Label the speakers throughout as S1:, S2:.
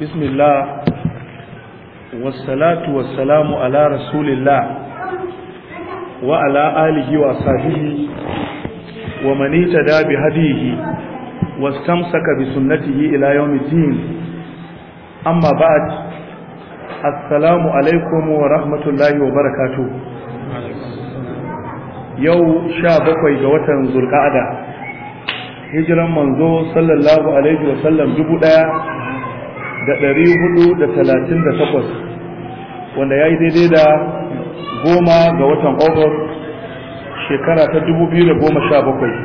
S1: بسم الله والصلاة والسلام على رسول الله وعلى آله وصحبه ومن اهتدى بهديه واستمسك بسنته إلى يوم الدين أما بعد السلام عليكم ورحمة الله وبركاته
S2: يوم شابك وجوة
S1: ذو القعدة hijiran manzo sallallahu alaihi wasallam dubu daya da ɗari hudu da talatin da takwas wanda ya yi daidai da goma ga watan ogos shekara ta dubu biyu da goma sha bakwai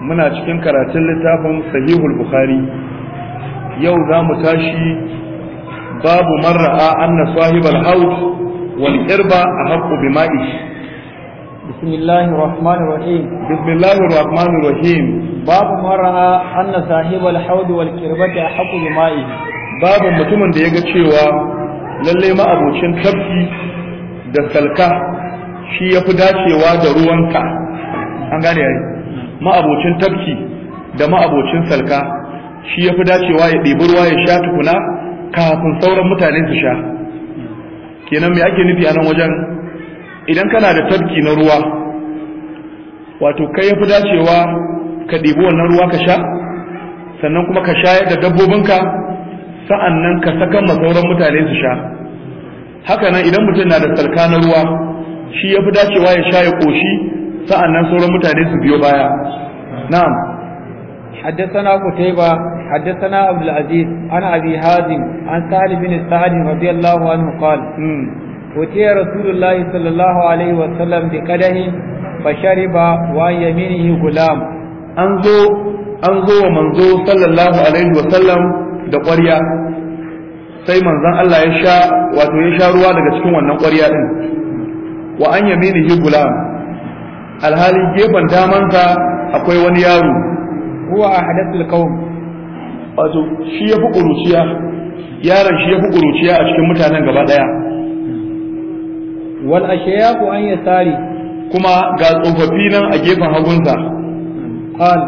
S1: muna cikin karatun littafin sahihul bukhari yau za mu tashi babu marra'a anna sahibal haut wani irba a haƙƙo bi
S3: بسم الله الرحمن الرحيم بسم الله الرحمن الرحيم باب من رأى أن صاحب الحوض والكربة أحق بمائه باب mutumin da yaga cewa lalle ma abocin tafki
S1: da salka shi yafi dacewa da ruwanka an gane yayi ma abocin tafki da ma abocin salka shi yafi dacewa ya ɗebi ruwa ya sha tukuna kafin sauran mutane su sha kenan me ake nufi a nan wajen idan kana da tabki na ruwa wato kai yafi dacewa ka ɗibi wannan ruwa ka sha sannan kuma ka sha da dabbobinka sa'annan ka saka ma sauran mutane su sha haka nan idan mutum na da sarka na ruwa shi yafi dacewa ya sha ya koshi sa'annan sauran mutane
S3: su biyo baya na'am حدثنا قتيبة حدثنا عبد العزيز عن أبي هازم عن سهل بن سعد رضي الله عنه قال وتي رسول الله صلى الله عليه وسلم بقدح فشرب ويمينه غلام انزو انزو ومنزو صلى الله عليه وسلم
S1: ƙwarya, sai manzon Allah ya sha wato ya sha ruwa daga cikin wannan ƙwarya din wa an hi gulam alhali gefen damanta akwai wani yaro huwa ahadathul qawm wato shi ya fi ƙuruciya yaron shi ya fi ƙuruciya a cikin mutanen gaba ɗaya wal ashayaku an yasari kuma ga tsofaffi nan a gefen
S3: hagunsa qal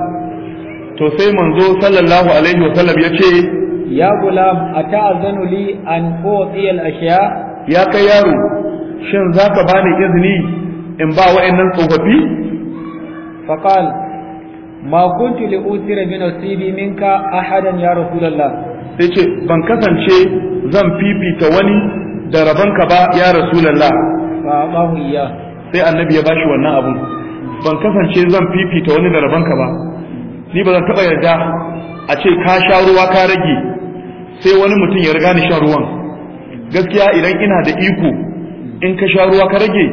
S3: to sai manzo sallallahu alaihi wasallam ya ce ya gulam ata'azanu li an uti al ashiya ya kai yaro shin zaka bani izini in ba wa'annan tsofaffi faqal ma kuntu li utira min nasibi minka ahadan ya rasulullah sai ce ban kasance zan fifita wani da rabanka ba ya
S1: rasulallah sai annabi ya bashi wannan abun ban kasance zan fifita wani da rabanka ba ni ba zan taba yarda a ce ka sha ruwa ka rage sai wani mutum ya riga ni sha ruwan gaskiya idan ina da iko in ka sha ruwa ka rage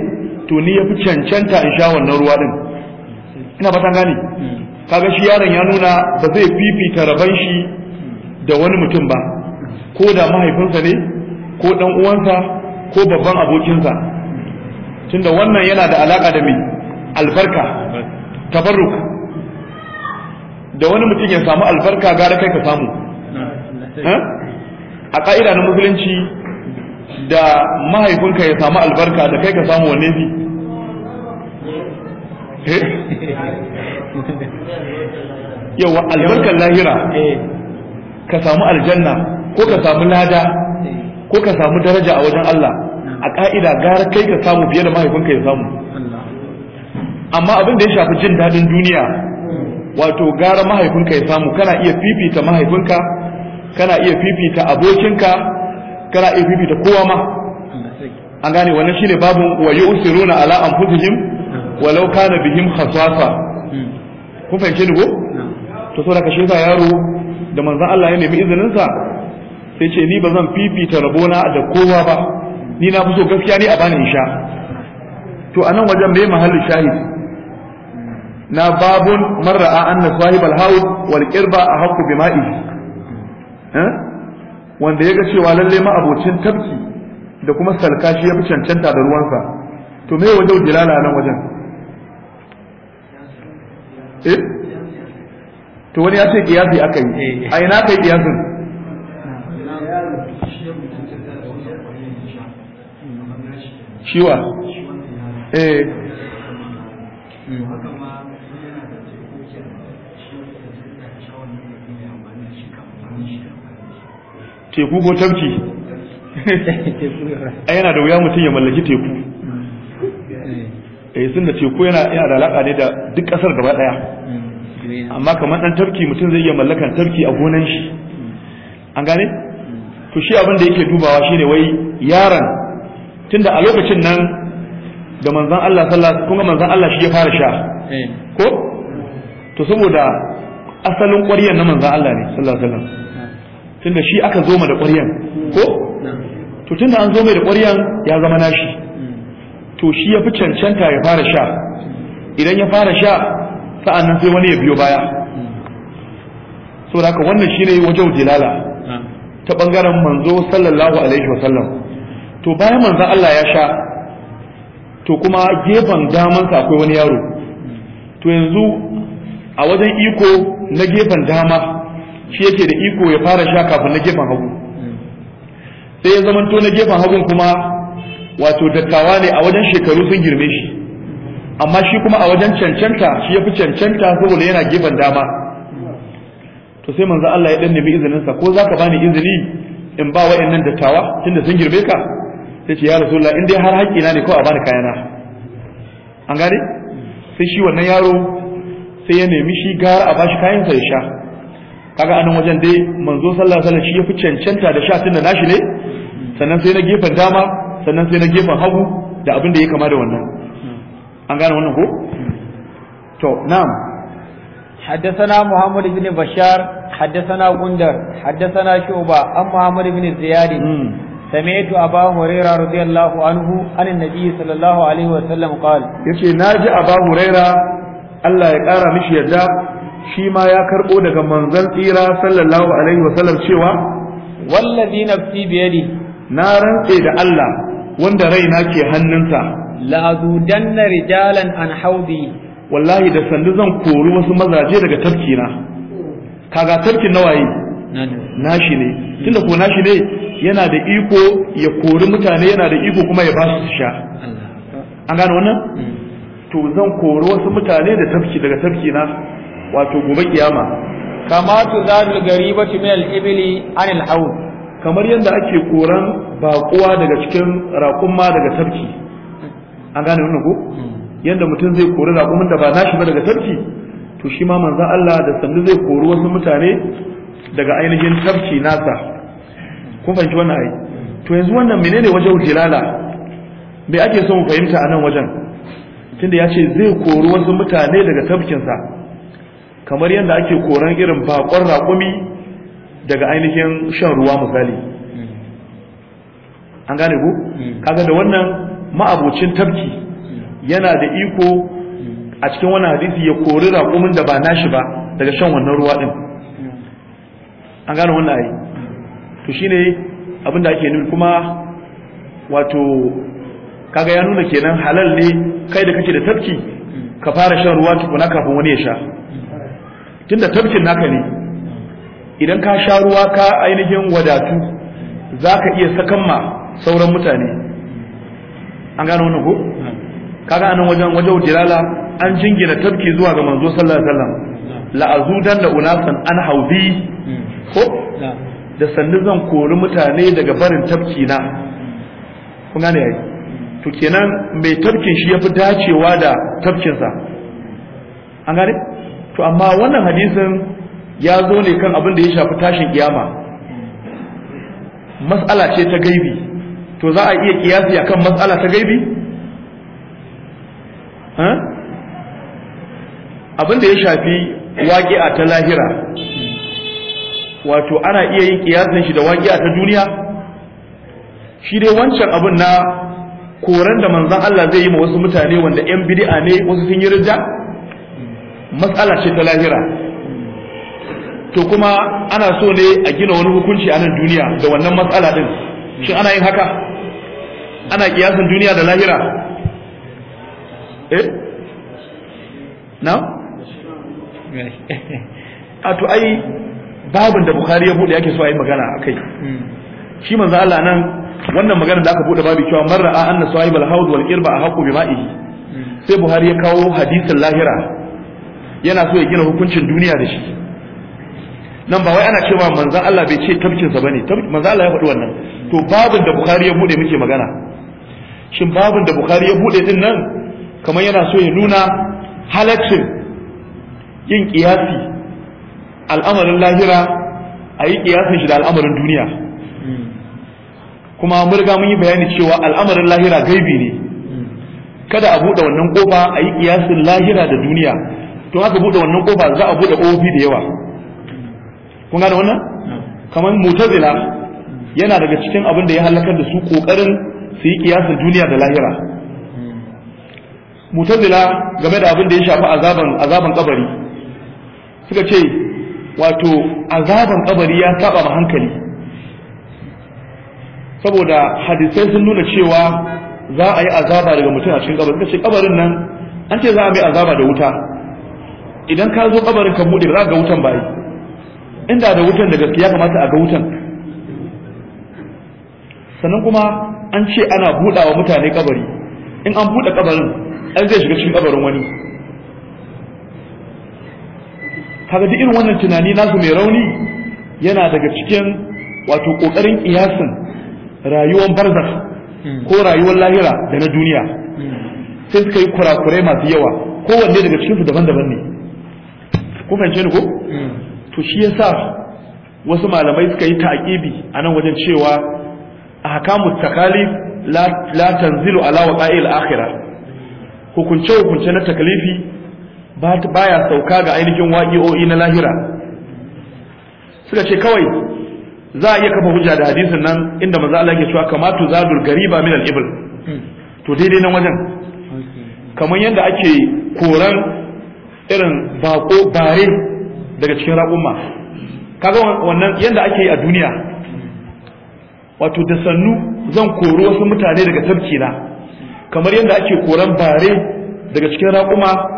S1: to ni ya fi cancanta in sha wannan ruwa din ina ta gane kaga shi yaron ya nuna ba zai fifita raban shi da wani mutum ba ko da mahaifinsa ne ko dan uwansa ko babban abokinsa tunda wannan yana da alaka da mai albarka tabarruk da wani mutum ya samu albarka gara kai ka samu eh? a ka'ida na musulunci da mahaifinka ya samu albarka da kai ka samu wanne fi eh?
S2: yawa albarkar lahira
S1: ka samu aljanna ko ka samu lada ko ka samu daraja a wajen Allah a ka'ida gara kai ka samu fiye da mahaifinka ya samu amma abin da ya shafi jin daɗin duniya wato gara mahaifinka ya samu kana iya fifita mahaifinka kana iya fifita abokinka kana iya fifita kowa ma an gane wannan shine babu wa yusiruna ala anfusihim walau kana bihim khasafa kun fahimce ni ko to saboda ka sa yaro da manzon Allah ya nemi izininsa sa sai ce ni bazan zan fifita rabona da kowa ba ni na fi so gaskiya ne a bani in sha to anan wajen me mahallin shahid na babun marra'a anna sahib haud wal qirba ahqqu bima'i eh? wanda ya ga cewa lalle ma abocin tabki da kuma salkashi ya fi cancanta da ruwansa to me wajen dilala nan wajen
S3: eh to wani ya ce kiyasi akai eh. a ina kai kiyasin
S1: shiwa eh teku ko tabki. a yana da wuya mutum ya mallaki teku eh sun da teku yana da alaƙa ne da duk ƙasar gaba ɗaya amma kamar ɗan tabki mutum zai iya mallakan tabki a gonan shi an gane to shi abin da yake dubawa shi ne wai yaron tunda a lokacin nan da manzon Allah sallallahu kuma manzon Allah shi ya fara sha eh. ko to saboda asalin ƙwaryan na manzon Allah ne sallallahu alaihi wasallam ah. tunda shi aka zo da ƙwaryan ko to tunda an zo mai da ƙwaryan ya zama nashi hmm. to shi ya fi cancanta ya fara sha idan ya fara sha sa'an nan sai wani ya biyo baya hmm. saboda haka wannan shine wajen dilala ah. ta bangaren manzo sallallahu alaihi wasallam to bayan manzon Allah ya sha to kuma gefen damansa akwai wani yaro to yanzu a wajen iko na gefen dama shi yake da iko ya fara sha kafin na gefen hagu sai ya zamanto na gefen hagun kuma wato dattawa ne a wajen shekaru sun girme shi amma shi kuma a wajen cancanta shi ya fi cancanta saboda yana gefen dama to sai manzo Allah ya dan nemi izinin sa ko zaka bani izini in ba wa'annan dattawa tunda sun girme ka sai ce ya rasulullah in dai har na ne kawai a bani kayana an gane sai shi wannan yaro sai ya nemi shi gara a bashi kayan sa ya sha kaga anan wajen dai manzo sallallahu alaihi wasallam shi ya fi cancanta da sha tunda nashi ne sannan sai na gefen dama sannan sai na gefen hagu
S3: da abin da ya kama da wannan an gane wannan ko to na'am حدثنا محمد بن بشار حدثنا غندر حدثنا شعبة عن محمد بن زياد سمعت أبا هريرة رضي الله عنه عن النبي صلى الله عليه وسلم قال يشي ناجي أبا هريرة الله
S1: يقارى مش يدا شيما يا كربو دغ منزل إيرا صلى الله عليه وسلم
S3: شوا والذي نفسي بيدي نارا إيد الله وند رينا كي هننسا لأزودن رجالا عن حوضي والله da sandu
S1: zan kori wasu mazaje daga tafkina kaga tafkin nashi ne tunda ko nashi ne yana da iko ya kori mutane yana da iko kuma ya ba su sha an gano wannan mm. to zan kori wasu mutane da tafki daga tafki na wato gobe kiyama kama tu zadul garibati min al-ibli an al kamar yadda ake koran bakuwa daga cikin raƙumma daga tafki an gane wannan ko mm. yadda mutum zai kori raƙumin da ba nashi ba daga tafki to shi ma manzo Allah da sannu zai kori wasu mutane daga ainihin tafki nasa kun fahimci wannan ai to yanzu wannan menene wajen jilala me ake son fahimta a nan wajen tunda ya ce zai kori wasu mutane daga tafkinsa kamar yadda ake koran irin bakon raƙumi daga ainihin shan ruwa misali an gane ku kaga da wannan ma'abocin tafki yana da iko a cikin wannan hadisi ya kori raƙumin da ba nashi ba daga shan wannan ruwa din an gano wannan ayi to shine abin da ake nufi kuma wato kaga ya nuna kenan halal ne kai da kake da tafki ka fara shan ruwa tukuna kafin wani ya sha tunda tafkin naka ne idan ka sha ruwa ka ainihin wadatu za ka iya sakan ma sauran mutane an gano wannan ko kaga anan wajen wajen jirala an jingina tafki zuwa ga manzo sallallahu alaihi wasallam azudan da unasan an haudi ko da sannu zan kori mutane daga barin tafki na kun gane yayi to kenan mai tafkin shi yafi dacewa da tafkinsa an gane to amma wannan hadisin ya zo ne kan abin da ya shafi tashin kiyama mas'ala ce ta gaibi to za a iya kiyasi akan mas'ala ta gaibi abin da ya shafi waƙi'a ta lahira wato ana iya yin kiyasin shi da waƙiya ta duniya shi dai wancan abin na koran da manzan Allah zai yi ma wasu mutane wanda yan bid'a ne wasu sun yi rija matsala ce ta lahira to kuma ana so ne a gina wani hukunci a nan duniya da wannan matsala din shin ana yin haka ana kiyasin duniya da lahira eh na a to ai babin da bukhari ya bude yake so a yi magana a kai shi manzo Allah nan wannan magana da aka bude babu cewa man ra'a anna sahibal haud wal qirba ahqqu bima'ihi sai buhari ya kawo hadisin lahira yana so ya gina hukuncin duniya da shi nan ba wai ana cewa manzo Allah bai ce tabkinsa sa ne manzo Allah ya faɗi wannan to babin da bukari ya buɗe muke magana shin babin da bukari ya buɗe din nan kamar yana so ya nuna halaccin yin kiyasi al'amarin lahira a yi kiyasin shi da al'amarin duniya kuma mun riga mun yi bayani cewa al'amarin lahira gaibi ne kada a buɗe wannan kofa a yi kiyasin lahira da duniya to aka buɗe wannan kofa za a buɗe kofofi da yawa kun gane wannan kamar mutazila yana daga cikin abin da ya halakar da su kokarin su yi kiyasin duniya da lahira mutazila game da abin da ya shafi azaban azaban kabari suka ce wato azaban kabari ya saba ma hankali saboda hadisai sun nuna cewa za a yi azaba daga mutum a cikin kabari kace kabarin nan an ce za a yi azaba da wuta idan ka zo kabarin ka bude za ga wutan bai inda da wutan da gaskiya kamata a ga wutan sannan kuma an ce ana budawa mutane kabari in an bude kabarin an zai shiga cikin kabarin wani kaga duk irin wannan tunani nasu mai rauni yana daga cikin wato kokarin kiyasin rayuwar barzakh ko rayuwar lahira da na duniya sai suka yi kurakurai masu yawa kowanne daga cikinsu daban-daban ne ku fahimce ni ko to shi yasa wasu malamai suka yi ta'qibi a nan wajen cewa ahkamut takalif la tanzilu ala waqa'il akhirah hukunce hukunce na takalifi baya sauka ga ainihin waƙi'o'i na lahira suka ce kawai za a iya kafa hujja da hadisin nan inda maza Allah ke cewa kamatu zadul gariba min al-ibl to daidai nan wajen kamar yadda ake koran irin bako bare daga cikin raƙumma kaga wannan yadda ake yi a duniya wato da sannu zan kori wasu mutane daga tabkina kamar yadda ake koran bare daga cikin raƙuma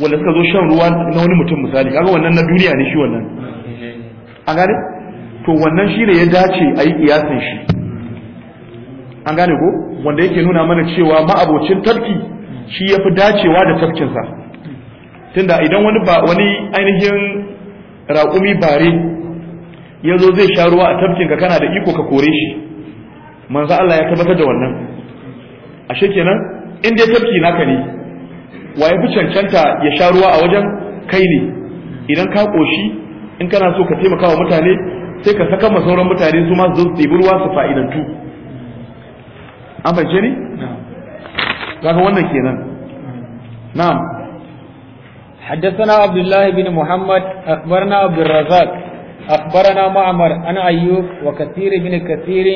S1: wanda suka zo shan ruwa na wani mutum misali kaga wannan na duniya ne shi wannan an gane to wannan shi ne ya dace a yi kiyasin shi an gane ko wanda yake nuna mana cewa ma'abocin tafki shi ya fi dacewa da tafkinsa tunda idan wani ba wani ainihin raƙumi bare ya zo zai sha ruwa a tafkinka kana da iko ka kore shi manzo Allah ya tabbatar da wannan ashe kenan in dai tafki naka ne wa ya fi cancanta ya sha ruwa a wajen kai ne idan ka koshi in kana so ka taimaka wa mutane sai ka saka ma sauran mutane su ma su zo su ɗebi ruwa su fa'idantu an fahimce ni
S3: zaka wannan kenan na'am حدثنا عبد الله بن محمد أخبرنا عبد الرزاق أخبرنا معمر عن أيوب وكثير من كثير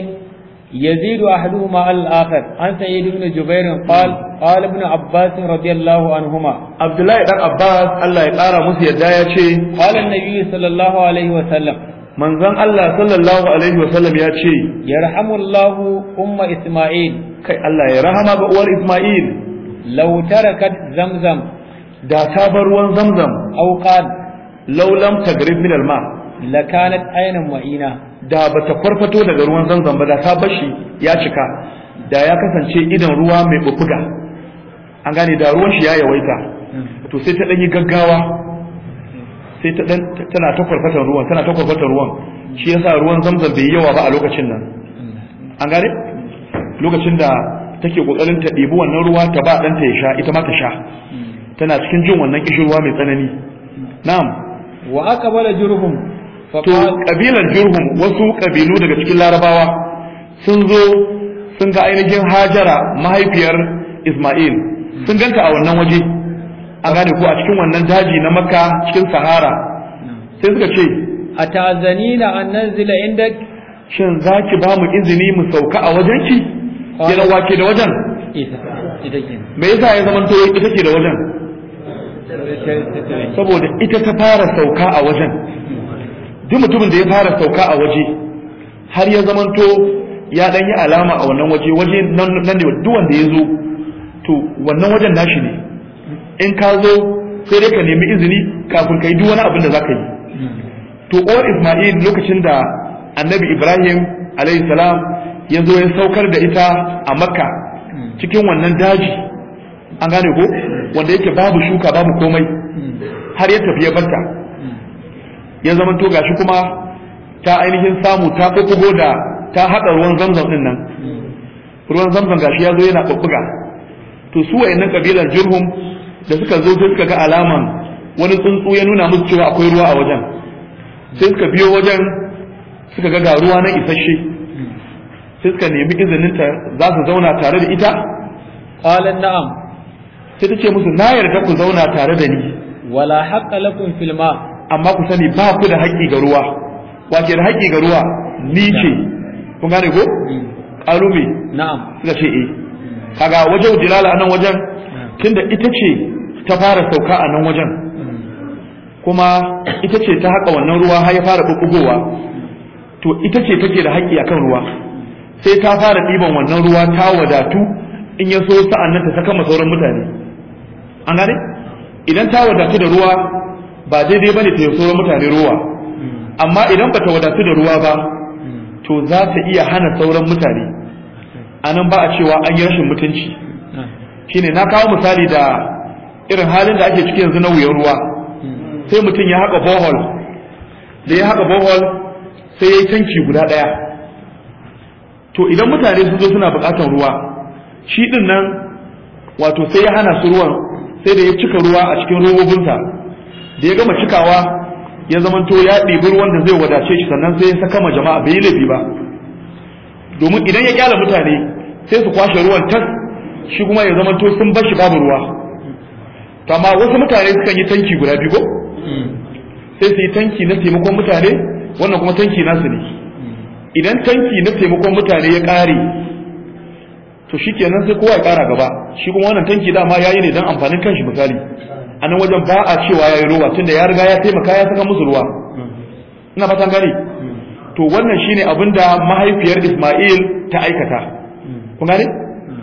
S3: يزيد أحدهما على الآخر عن سعيد بن جبير قال قال ابن عباس رضي الله عنهما عبد الله بن عباس الله يقارى مسيا دايا قال النبي صلى الله عليه وسلم من زن الله صلى الله عليه وسلم يا شي يرحم الله أم إسماعيل كي الله يرحم بأول إسماعيل لو تركت زمزم دا تابر وان زمزم أو قال لو لم تقرب من الماء لكانت عينا وإينا
S1: da ba ta farfato daga ruwan zanzan ba da ta bashi ya cika da ya kasance idan ruwa mai bukuda an gane da ruwan shi ya yawaita to sai ta ɗanyi gaggawa sai ta ɗan tana ta kwarfatan ruwan tana ta kwarfatan ruwan shi yasa ruwan zamzam bai yawa ba a lokacin nan an gane lokacin da take kokarin ta ɗebi wannan ruwa ta ba ɗanta ya sha ita ma ta sha tana cikin jin wannan kishin ruwa mai tsanani na'am wa bala jurhum to kabilan jurhum wasu kabilu daga cikin larabawa sun zo sun ga ainihin hajara mahaifiyar isma'il sun ganta a wannan waje a gane ko a cikin wannan daji na makka cikin sahara sai suka ce a na an zila inda shin za ki ba mu izini mu sauka a wajen ki
S3: yana wake da wajen
S1: me yasa ya zama to ita ce da wajen saboda ita ta fara sauka a wajen duk mutumin da ya fara sauka a waje har ya zamanto ya dan yi alama a wannan waje waje nan ne duk wanda ya zo to wannan wajen nashi ne in ka zo sai dai ka nemi izini kafin ka yi duk wani abin da za ka yi to uwar isma'il lokacin da annabi ibrahim alayhi salam ya zo ya saukar da ita a makka cikin wannan daji an gane ko wanda yake babu shuka babu komai har ya tafi ya barta ya zama to gashi kuma ta ainihin samu ta bubbugo da ta haɗa ruwan zamzam din nan ruwan zamzam gashi ya zo yana bubbuga to su wayannan kabilar jurhum da suka zo sai suka ga alaman wani tsuntsu ya nuna musu cewa akwai ruwa a wajen sai suka biyo wajen suka ga ga ruwa na isasshe sai suka nemi izinin ta za su zauna tare da ita qalan na'am sai ta ce musu na yarda ku zauna tare da ni wala haqqa lakum fil ma amma ku sani ba ku da haƙƙi ga ruwa wace da haƙƙi ga ruwa ni ce kun gane ko mm. ƙalumi na'am suka ce eh kaga wajen jilala anan wajen tunda ita ce ta fara sauka a nan wajen kuma ita ce ta haƙa wannan ruwa har ya fara bubbugowa to ita ce take da haƙƙi akan ruwa sai ta fara ɗiban wannan ruwa ta wadatu in ya so sa'an nan ta saka ma sauran mutane an gane idan ta wadatu da ruwa ba daidai bane ta yaso mutane ruwa hmm. amma idan ba bata wadatu da ruwa ba hmm. to za ta iya hana sauran mutane anan ba a cewa an yi rashin mutunci hmm. shine na kawo misali da irin halin da ake ciki yanzu na wuyan ruwa sai mutum ya haka bohol da ya haka bohol sai ya yi tanki guda ɗaya to idan mutane sun zo suna buƙatar ruwa shi ɗin nan wato sai ya hana su ruwan sai da ya cika ruwa a cikin robobinsa da ya gama cikawa ya zamanto ya ɗibi wanda zai wadace shi sannan sai ya saka ma jama'a bai yi laifi ba domin idan ya kyala mutane sai su kwashe ruwan tas shi kuma ya zamanto sun bar shi babu ruwa to amma wasu mutane sukan yi tanki guda biyu ko sai su yi tanki na taimakon mutane wannan kuma tanki nasu ne idan tanki na taimakon mutane ya ƙare to shikenan sai kowa ya ƙara gaba shi kuma wannan tanki dama yayi ne don amfanin kanshi misali a nan wajen ba a cewa ya yi ruwa tunda ya riga ya taimaka ya saka musu ruwa ina fatan gani to wannan shine abin da mahaifiyar Isma'il ta aikata kun gane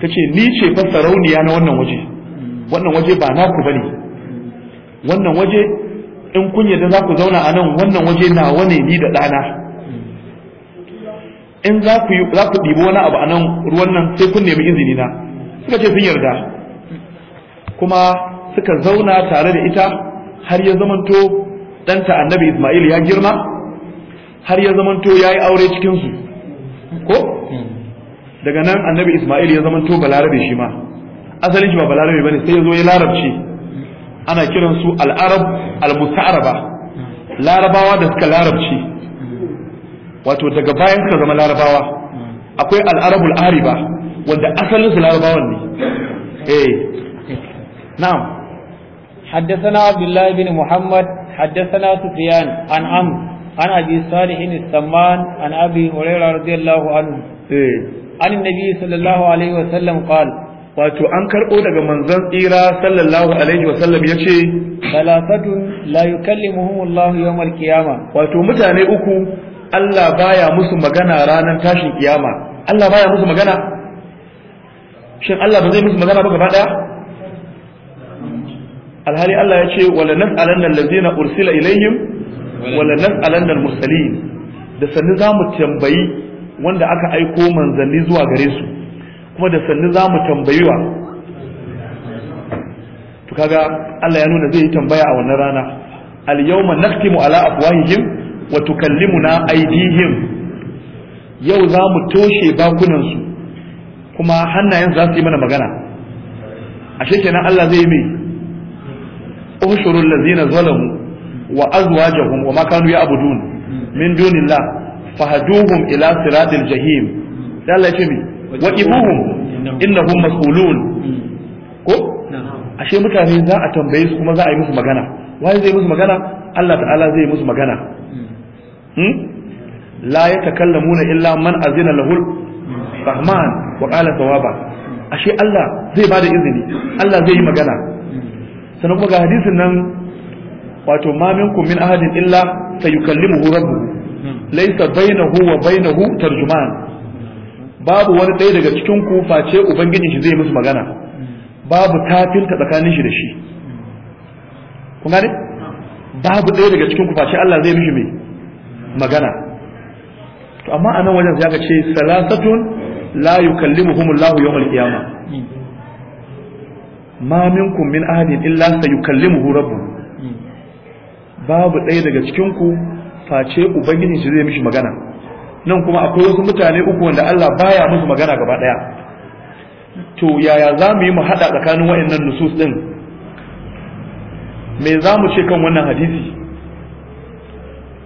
S1: ta ce ni ce fa sarauniya na wannan waje wannan waje ba naku bane wannan waje in kun yadda za ku zauna a nan wannan waje na wane ni da ɗana in za ku za ku ɗibi wani abu a nan ruwan nan sai kun nemi izini na suka ce sun yarda kuma suka zauna tare da ita har ya zamanto ɗanta annabi Ismail ya girma har ya zamanto ya yi aure cikinsu ko daga nan annabi Ismail ya zamanto balarabe shi ma asalin shi ba balarabe bane sai ya zo ya larabci ana kiransu al'arab al-musta'araba larabawa da suka larabci wato daga bayan suka zama larabawa akwai al'arabul ariba wanda asalin su larabawan ne eh
S3: na'am حدثنا عبد الله بن محمد حدثنا سفيان عن عمرو عن ابي صالح السمان عن ابي هريره رضي الله عنه عن النبي صلى الله عليه وسلم قال wato an karɓo daga manzon tsira sallallahu alaihi wasallam ya ce
S1: salafatun la yukallimuhum Allah yawmal qiyama wato mutane uku Allah baya musu magana ranar tashin kiyama Allah baya musu magana shin Allah ba zai musu magana ba gaba daya alhali Allah ya ce wala nan alannan lazina ursila ilayhim wala nan alannan mursalin da sannu za mu tambayi wanda aka aiko manzanni zuwa gare su kuma da sannu za mu tambayi wa? to kaga Allah ya nuna zai yi tambaya a wannan rana al yawma naktimu ala afwahihim wa tukallimuna aydihim yau za mu toshe bakunan su kuma hannayen za su yi mana magana ashe kenan Allah zai yi mai ushurul ladzina zalamu wa azwajahum wa ma kanu ya'budun min dunillah fahduhum ila siratil jahim dan Allah ya wa ibuhum innahum mas'ulun ko ashe mutane za a tambaye su kuma za a yi musu magana waye zai musu magana Allah ta'ala zai musu magana hmm? la ya yatakallamuna illa man azina lahul rahman wa qala sawaba ashe Allah zai bada izini Allah zai yi magana sannan kuma ga hadisin nan wato ma minkum min ahadin illa sayukallimuhu rabbuhu laysa bainahu wa bainahu tarjuman babu wani ɗaya daga cikin ku face ubangiji shi zai musu magana babu tafinta tsakanin shi da shi kun gane babu ɗaya daga cikin ku face Allah zai mishi mai magana to amma anan wajen ya ga ce salasatun la yukallimuhumullahu yawmal qiyamah ma minkum min ahadin illa sayukallimuhu rabbu babu ɗaya daga cikin ku face ubangiji shi zai mishi magana nan kuma akwai wasu mutane uku wanda Allah baya musu magana gaba ɗaya to yaya za mu yi mu haɗa tsakanin wa'annan nusus ɗin me za mu ce kan wannan hadisi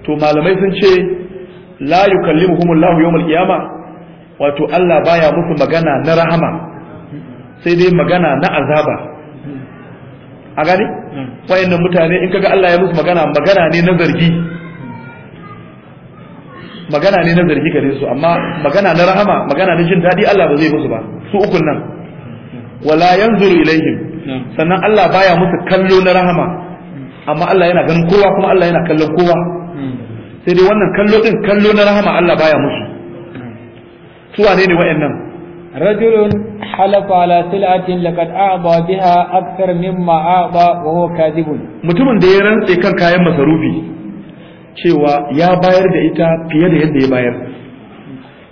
S1: to malamai sun ce la yukallimuhumullahu yawmal qiyama wato Allah baya musu magana na rahama sai dai magana na azaba a gane wayannan mutane in kaga Allah ya musu magana magana ne na zargi magana ne na zargi gare su amma magana na rahama magana na jin daɗi Allah ba zai musu ba su ukun nan wala yanzuru ilaihim sannan Allah baya musu kallo na rahama amma Allah yana ganin kowa kuma Allah yana kallon kowa sai dai wannan kallo din kallo na rahama Allah baya musu
S3: su wane ne wayannan رجل حلف على سلعة لقد أعضى بها أكثر مما أعضى وهو كاذب mutumin da ya rantse kan kayan masarufi cewa ya bayar da ita fiye da yadda ya
S1: bayar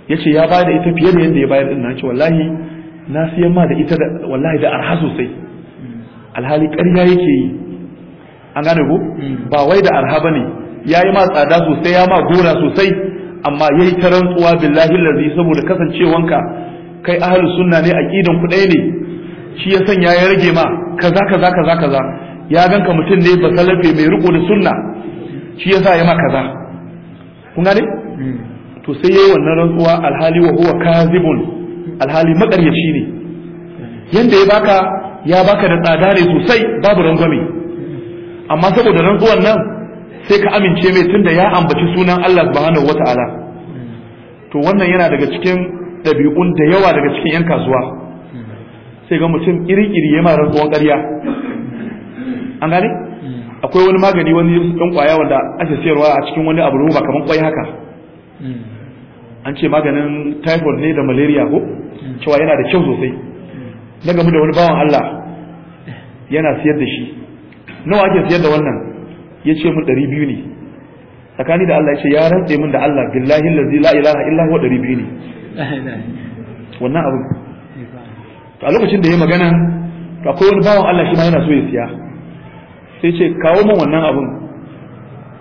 S1: yace ya bayar da ita fiye da yadda ya bayar din nan wallahi na siyan ma da ita da wallahi da arha sosai alhali ƙarya yake yi an gane ko ba wai da arha bane yayi ma tsada sosai ya ma gona sosai amma yayi ta rantsuwa billahi lazi saboda kasancewanka kai ahlus sunna ne aqidan ku ɗaya ne shi ya sanya ya rage ma kaza kaza kaza kaza ya ganka mutum ne ba salafi mai riko da sunna shi ya sa ya ma kaza kun gane to sai yayi wannan rantsuwa alhali wa huwa kazibun alhali makaryaci ne yanda ya baka ya baka da tsada ne sosai babu rangwame amma saboda rantsuwan nan sai ka amince mai tunda ya ambaci sunan Allah subhanahu wataala to wannan yana daga cikin ɗabi'un da yawa daga cikin 'yan kasuwa sai ga mutum iri-iri ya mara rantsuwan ƙarya an gane akwai wani magani wani ɗan ƙwaya wanda ake siyarwa a cikin wani abu ba kamar ƙwai haka an ce maganin typhoid ne da malaria ko cewa yana da kyau sosai na gamu da wani bawan Allah yana siyar da shi nawa ake siyar da wannan ya ce mun ɗari biyu ne tsakani da Allah ya ce ya rantse min da Allah billahi lazi la ilaha illa huwa dari biyu ne wannan abu a lokacin da ya magana to akwai wani bawan Allah shi ma yana so ya siya sai ce kawo min wannan abun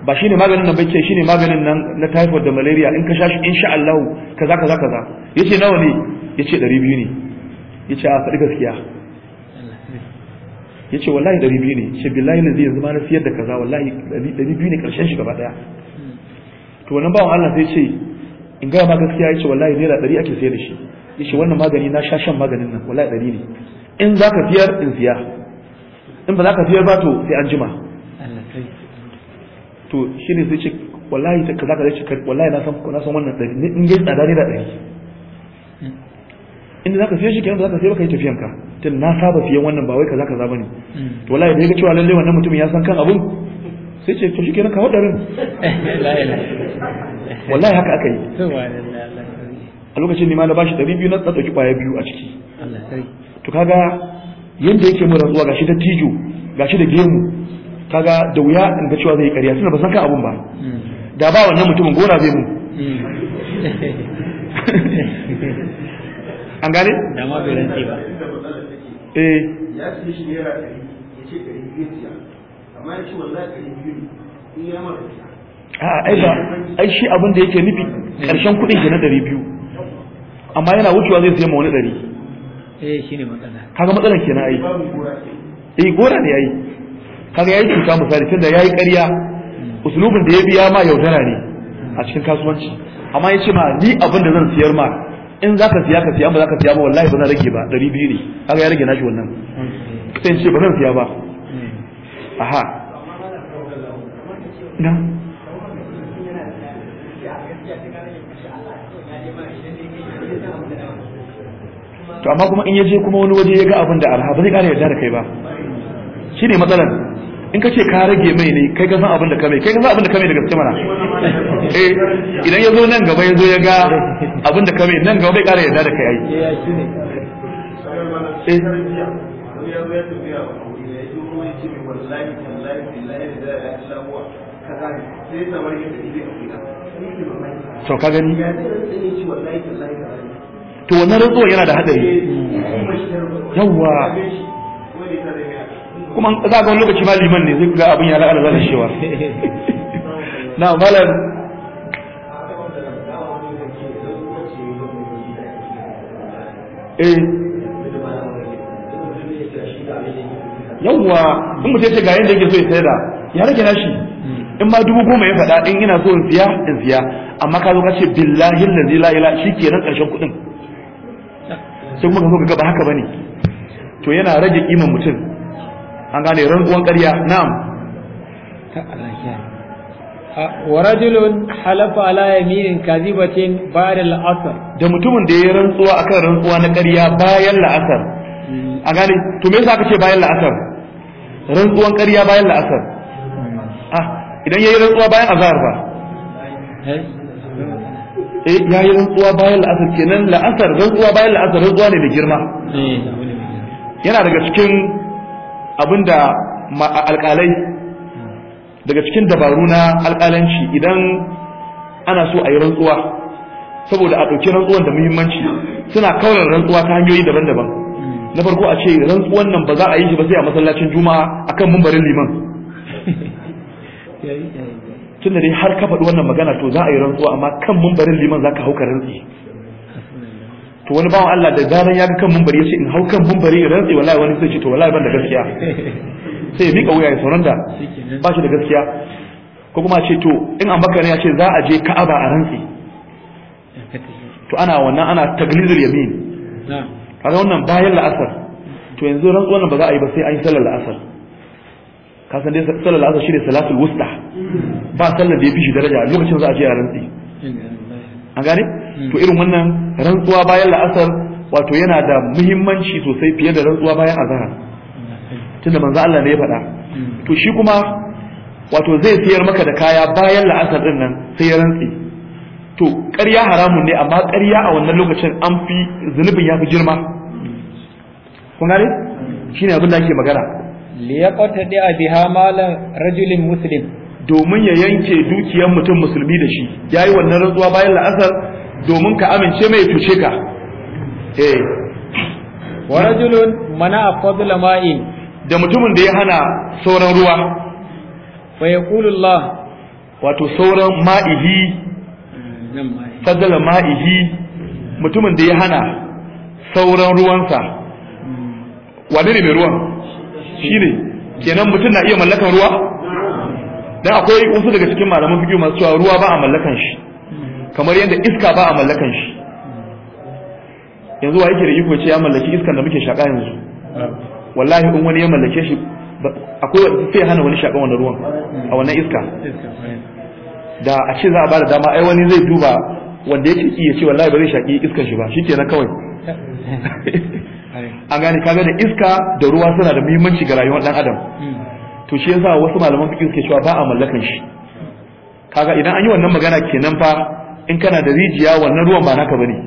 S1: ba shine maganin nan bace shine maganin nan na typhoid da malaria in ka sha shi insha Allah kaza kaza kaza yace nawa ne yace 200 ne yace a fadi gaskiya yace wallahi 200 ne shi billahi lazi yanzu ma na siyar da kaza wallahi 200 ne karshen shi gaba daya to wannan bawan Allah sai ce in ga ma gaskiya yace wallahi naira 100 ake sayar da shi yace wannan magani na sha shan maganin nan wallahi 100 ne in za ka siyar in siya in ba za ka siyar ba to sai an jima to shi ne sai ce wallahi ta kaza kaza ce wallahi na san na san wannan da in yi tsada naira ɗari hmm. inda zaka siya shi kenan zaka siya baka yi tafiyan ka tun na saba siyan wannan ba wai kaza kaza bane hmm. to wallahi da ga cewa lalle wannan mutumin ya san kan abun sai ce to shikenan ka wadarin
S2: wallahi haka aka
S1: yi a lokacin nima na bashi ɗari biyu na ɗauki ƙwaya biyu a ciki to kaga yadda yake mu rantsuwa gashi da tijo gashi da gemu kaga da wuya in ga cewa zai ƙarya tunda ba san ka abun ba hmm. da ba wannan mutumin gona zai mu
S3: hmm.
S2: an gane? da ma bai rantsi ba eh ya ce shi ne ya ce ɗari biyu amma ya ce in ya mara a
S1: ai ba ai shi abin da yake nufi karshen kuɗin na ɗari biyu amma yana wucewa zai sayi ma wani ɗari
S3: eh shine matsala kaga matsalar kenan ai
S1: eh gora ne ai kaga yayi cuta misali da yayi ƙarya usulubin da ya biya ma yaudara ne a cikin kasuwanci amma ya ce ma ni abin da zan siyar ma in za ka siya ka siya ba za ka siya ba wallahi ba zan rage ba ɗari biyu ne kaga ya rage nashi wannan hmm. sai ce ba zan siya ba aha
S2: na to amma
S1: kuma in ya je kuma wani waje ya ga abin da arha ba zai kare yarda da kai ba shi ne matsalar in ka ce ka rage mai ne kai ga san abin da ka mai kai san abin da ka mai da gaske mana
S2: eh idan ya zo nan gaba
S1: ya zo ya ga abin da ka mai nan gaba bai kare yarda da kai
S2: ai eh ce mai wallahi tallahi billahi da ya ila huwa kaza sai ta bari da ibe a gida to ka gani to wannan rantsuwa yana da hadari eh,
S1: yawwa
S2: kuma za ga wani lokaci ma liman ne
S1: zai ga abin ya la'ala zan shewa na malam
S2: eh yawwa in mutum ce ga yanda yake so ya
S1: sayar da ya rage nashi in ma dubu goma ya faɗa in ina so in siya in siya amma ka zo ka ce billahi allazi la ilaha shi ke nan karshen kuɗin sai kuma ka zo ka gaba ba haka bane
S3: to yana rage kiman mutum an gane rantsuwan ƙarya na'am ورجل حلف على يمين كاذبة بعد العصر da mutumin da ya rantsuwa akan rantsuwa na ƙarya bayan la'asar
S1: a gane to me yasa aka ce bayan la'asar rantsuwan ƙarya bayan la'asar ah idan yayi rantsuwa bayan azhar ba eh? eh yayi rantsuwa bayan la'asar kenan la'asar rantsuwa bayan la'asar rantsuwa ne da girma yana daga cikin abinda alƙalai daga cikin dabaru na alƙalanci idan ana so a yi rantsuwa saboda a ɗauki rantsuwan da muhimmanci suna kaular rantsuwa ta hanyoyi daban-daban na farko a ce rantsuwan nan ba za a yi shi ba sai a masallacin juma'a akan mumbarin liman tun da dai har ka faɗi wannan magana to za a yi rantsuwa amma kan mumbarin liman za ka hauka rantsi to wani bawan Allah da zaran ya ga kan mumbari ya ce in hau kan mumbari ya rantsi wallahi wani sai ce to wallahi ban da gaskiya sai ya miƙa wuya ya sauran da ba shi da gaskiya ko kuma ce to in an baka ne ya ce za a je ka'aba a rantsi to ana wannan ana taglizul yamin kaga wannan bayan la'asar to yanzu rantsu wannan ba za a yi ba sai an yi sallar la'asar ka san dai sallar la'asar shi ne salatul wusta ba sallar da ya fi shi daraja lokacin za a ce a rantsi an gane to irin wannan rantsuwa bayan la'asar wato yana da muhimmanci sosai fiye da rantsuwa bayan azhar tunda manzo Allah ne ya faɗa to shi kuma wato zai sayar maka da kaya bayan la'asar din nan sai ya rantsi to ƙarya haramun ne amma ƙarya a wannan lokacin an fi zunubin ya fi girma kun gane ne abin da ake magana a biha malan rajulin musulun. domin ya yanke dukiyar mutum musulmi da shi Ya yi wannan rantsuwa bayan la'asar
S3: domin ka amince mai fice ka eh wa rajulun mana a fadula ma'in da mutumin da ya hana sauran ruwa fa wato sauran ma'ihi
S1: fadala ma'ihi mutumin da ya hana sauran ruwansa wane ne mai ruwan shi ne. kenan mutum na iya mallakan ruwa dan akwai wasu daga cikin malaman fiqh masu cewa ruwa ba a mallakan shi kamar yadda iska ba a mallakan shi yanzu wa yake da iko ce ya mallaki iskan da muke shaka yanzu wallahi in wani ya mallake shi akwai sai hana wani shaƙa wannan ruwan a wannan iska da a ce za a bada dama ai wani zai duba wanda yake iya ce wallahi ba zai shaki iskan shi ba shikenan kawai an gane kaga da iska da ruwa suna da muhimmanci ga rayuwar dan adam to shi yasa wasu malaman fiqh suke cewa ba a mallakan shi kaga idan an yi wannan magana kenan fa in kana da rijiya wannan ruwan ba naka bane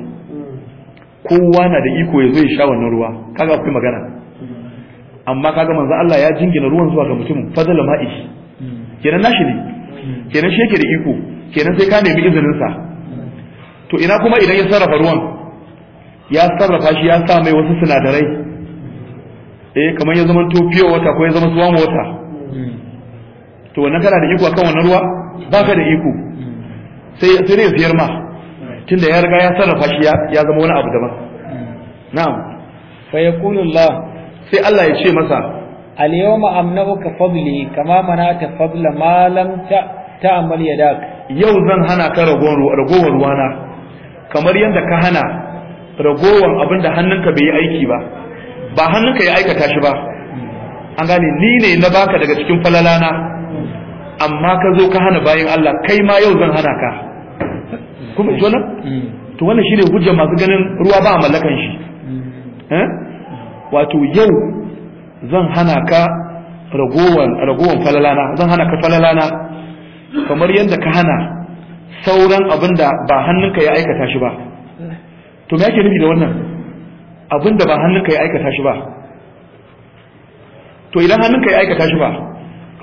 S1: kowa na da iko ya zo ya sha wannan ruwa kaga akwai magana amma kaga manzo Allah ya jingina ruwan zuwa ga mutum fadala ma'i kenan nashi ne kenan shi yake da iko kenan sai ka nemi izinin sa to ina kuma idan ya sarrafa ruwan ya sarrafa shi ya sa mai wasu sinadarai eh kamar ya zama tofiyo wata ko ya zama suwan wata to wannan kana da iko akan wannan ruwa baka da iko sai sai ne siyar ma
S3: tunda ya riga ya sarrafa shi ya zama wani abu daban na'am fa yakunu Allah sai Allah ya ce masa al yawma amna'uka fadli kama manata fadla ma lam ta ta'ammal yadak yau zan hana ka ragowar
S1: ruwana kamar yadda ka hana ragowar abinda hannunka bai yi aiki ba ba hannunka ya aikata shi ba an gane ni ne na baka daga cikin falalana amma ka zo ka hana bayan Allah kai ma yau zan hana ka kuma ji wannan to wannan shine hujja masu ganin ruwa ba mallakan shi eh? wato yau zan hana ka ragowar ragowar falalana zan hana ka falalana kamar yadda ka hana sauran abin da ba hannunka ya aikata shi ba to me ake nufi da wannan abin da ba hannunka ya aikata shi ba to idan hannunka ya aikata shi ba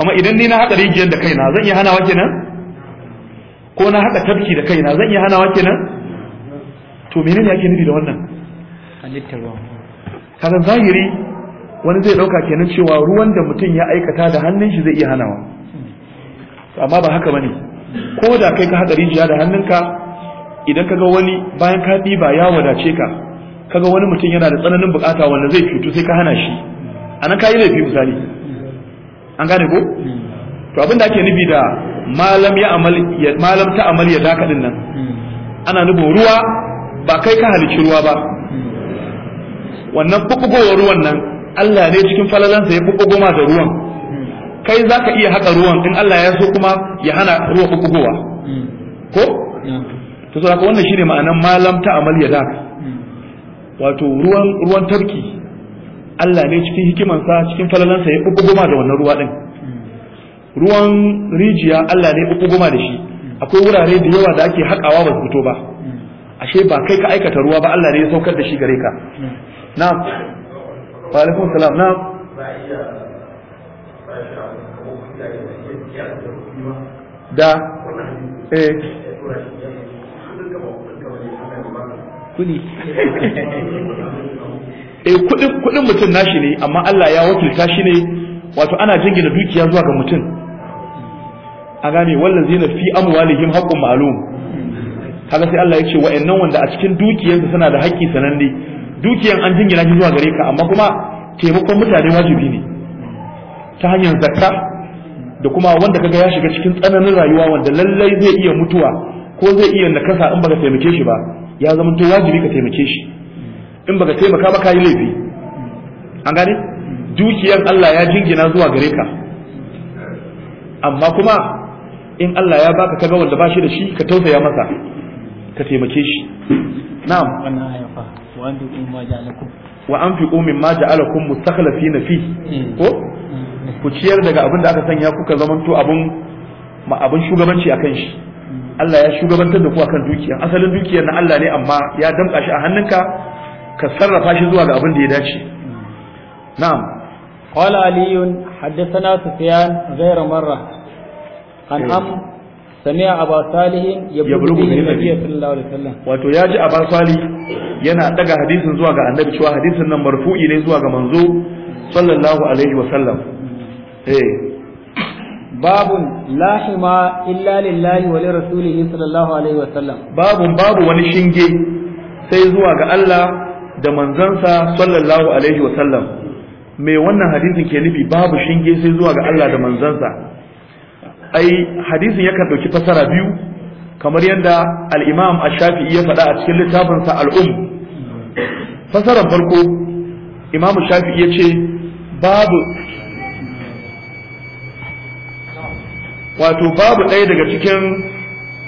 S1: amma idan ni na haɗa rijiyar da kaina zan iya hanawa kenan ko na haɗa tafki da kaina zan iya hanawa kenan to menene ake nufi da wannan halittar ruwa kasan zahiri wani zai ɗauka kenan cewa ruwan da mutum ya aikata da hannun shi zai iya hanawa amma ba haka bane ko da kai ka haɗa rijiya da hannunka idan ka ga wani bayan ka ba ya wadace ka ka ga wani mutum yana da tsananin bukata wanda zai cutu sai ka hana shi a nan ka yi laifi misali an gane ko to abin da ake nufi da malam ya amal ya malam ta amal ya daka nan ana nufin ruwa ba kai ka halici ruwa ba wannan bubugowar ruwan nan Allah ne cikin falalansa ya bubugo ma da ruwan kai za ka iya haka ruwan in Allah ya so kuma ya hana ruwa bugowa ko to saboda wannan shine ma'anan malam ta amal ya daka wato ruwan ruwan tarki Allah ne cikin hikimansa cikin falalansa ya goma da wannan ruwa din ruwan rijiya Allah ne goma da shi akwai wurare da yawa da ake hakawa ba su fito ba ashe ba kai ka aikata ruwa ba Allah ne ya saukar da shi gare ka na wa alaikum salam na da eh kudin eh, mutum nashi ne amma Allah ya wakilta shi ne wato ana jingina dukiya zuwa ga mutum a gane wallazina fi amwalihim haqqun ma'lum kaga sai Allah ya ce wa'annan wanda a cikin dukiyarsa suna da haƙƙi sananne dukiyan an jingina shi zuwa gare ka amma kuma taimakon mutane wajibi ne ta hanyar zakka da kuma wanda kaga ya shiga cikin tsananin rayuwa wanda lallai zai iya mutuwa ko zai iya nakasa in baka taimake shi ba ya zama to wajibi ka taimake shi in baka taimaka ba kayi laifi an gane dukiyan Allah ya jingina zuwa gare ka amma kuma in Allah ya baka kaga wanda ba shi da shi ka tausaya masa ka taimake shi
S3: na'am wannan ayafa wa anfiqu mimma ja'alakum
S1: wa anfiqu mimma ja'alakum mustakhlifina fi eh. ko mm. ku ciyar daga abin da aka sanya kuka to abin ma abin shugabanci akan shi Allah ya shugabantar da ku akan dukiya asalin
S3: dukiyar na Allah ne amma ya damƙa shi a hannunka ka sarrafa shi zuwa ga abin da ya dace na'am qala aliyun haddathana sufyan ghayra marra an eh. am sami'a aba salih yablugu bi nabi sallallahu alaihi wasallam
S1: wato ji aba salih yana daga hadisin zuwa ga annabi cewa hadisin nan marfu'i ne zuwa ga manzo sallallahu alaihi wasallam Eh.
S3: babun lahima illa lillahi wa lirasulihi sallallahu babu wani shinge sai zuwa ga Allah da manzansa sallallahu alaihi wa
S1: sallam. me wannan hadisin ke nufi babu shinge sai zuwa ga Allah da manzansa ai hadisin yakan dauki fasara biyu kamar yadda al-Imam Ash-Shafi'i ya faɗa a cikin littafinsa al umm fasaran farko Imam Shafi'i ya ce babu wato babu ɗaya daga cikin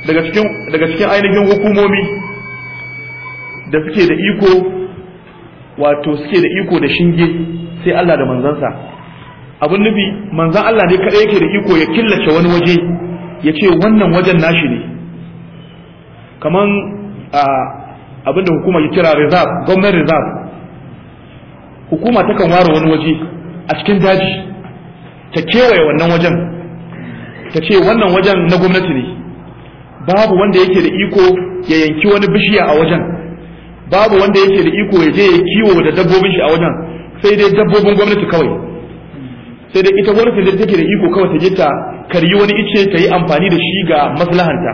S1: daga cikin daga cikin ainihin hukumomi da suke da iko wato suke da iko da shinge sai Allah da manzansa Abun nufi manzan Allah ne kaɗai yake da iko ya killace wani waje ya ce wannan wajen nashi ne kaman abin da hukuma ya kira reserve gwamnan reserve hukuma takan ware wani waje a cikin daji ta kewaye wannan wajen Ta ce wannan wajen na gwamnati ne babu wanda yake da iko ya yanki wani bishiya a wajen babu wanda yake da iko ya je ya kiwo da dabbobin shi a wajen sai dai dabbobin gwamnati kawai sai dai ita gwamnati da take da iko kawai ta je ta karyi wani ice ta yi amfani da shi ga maslahanta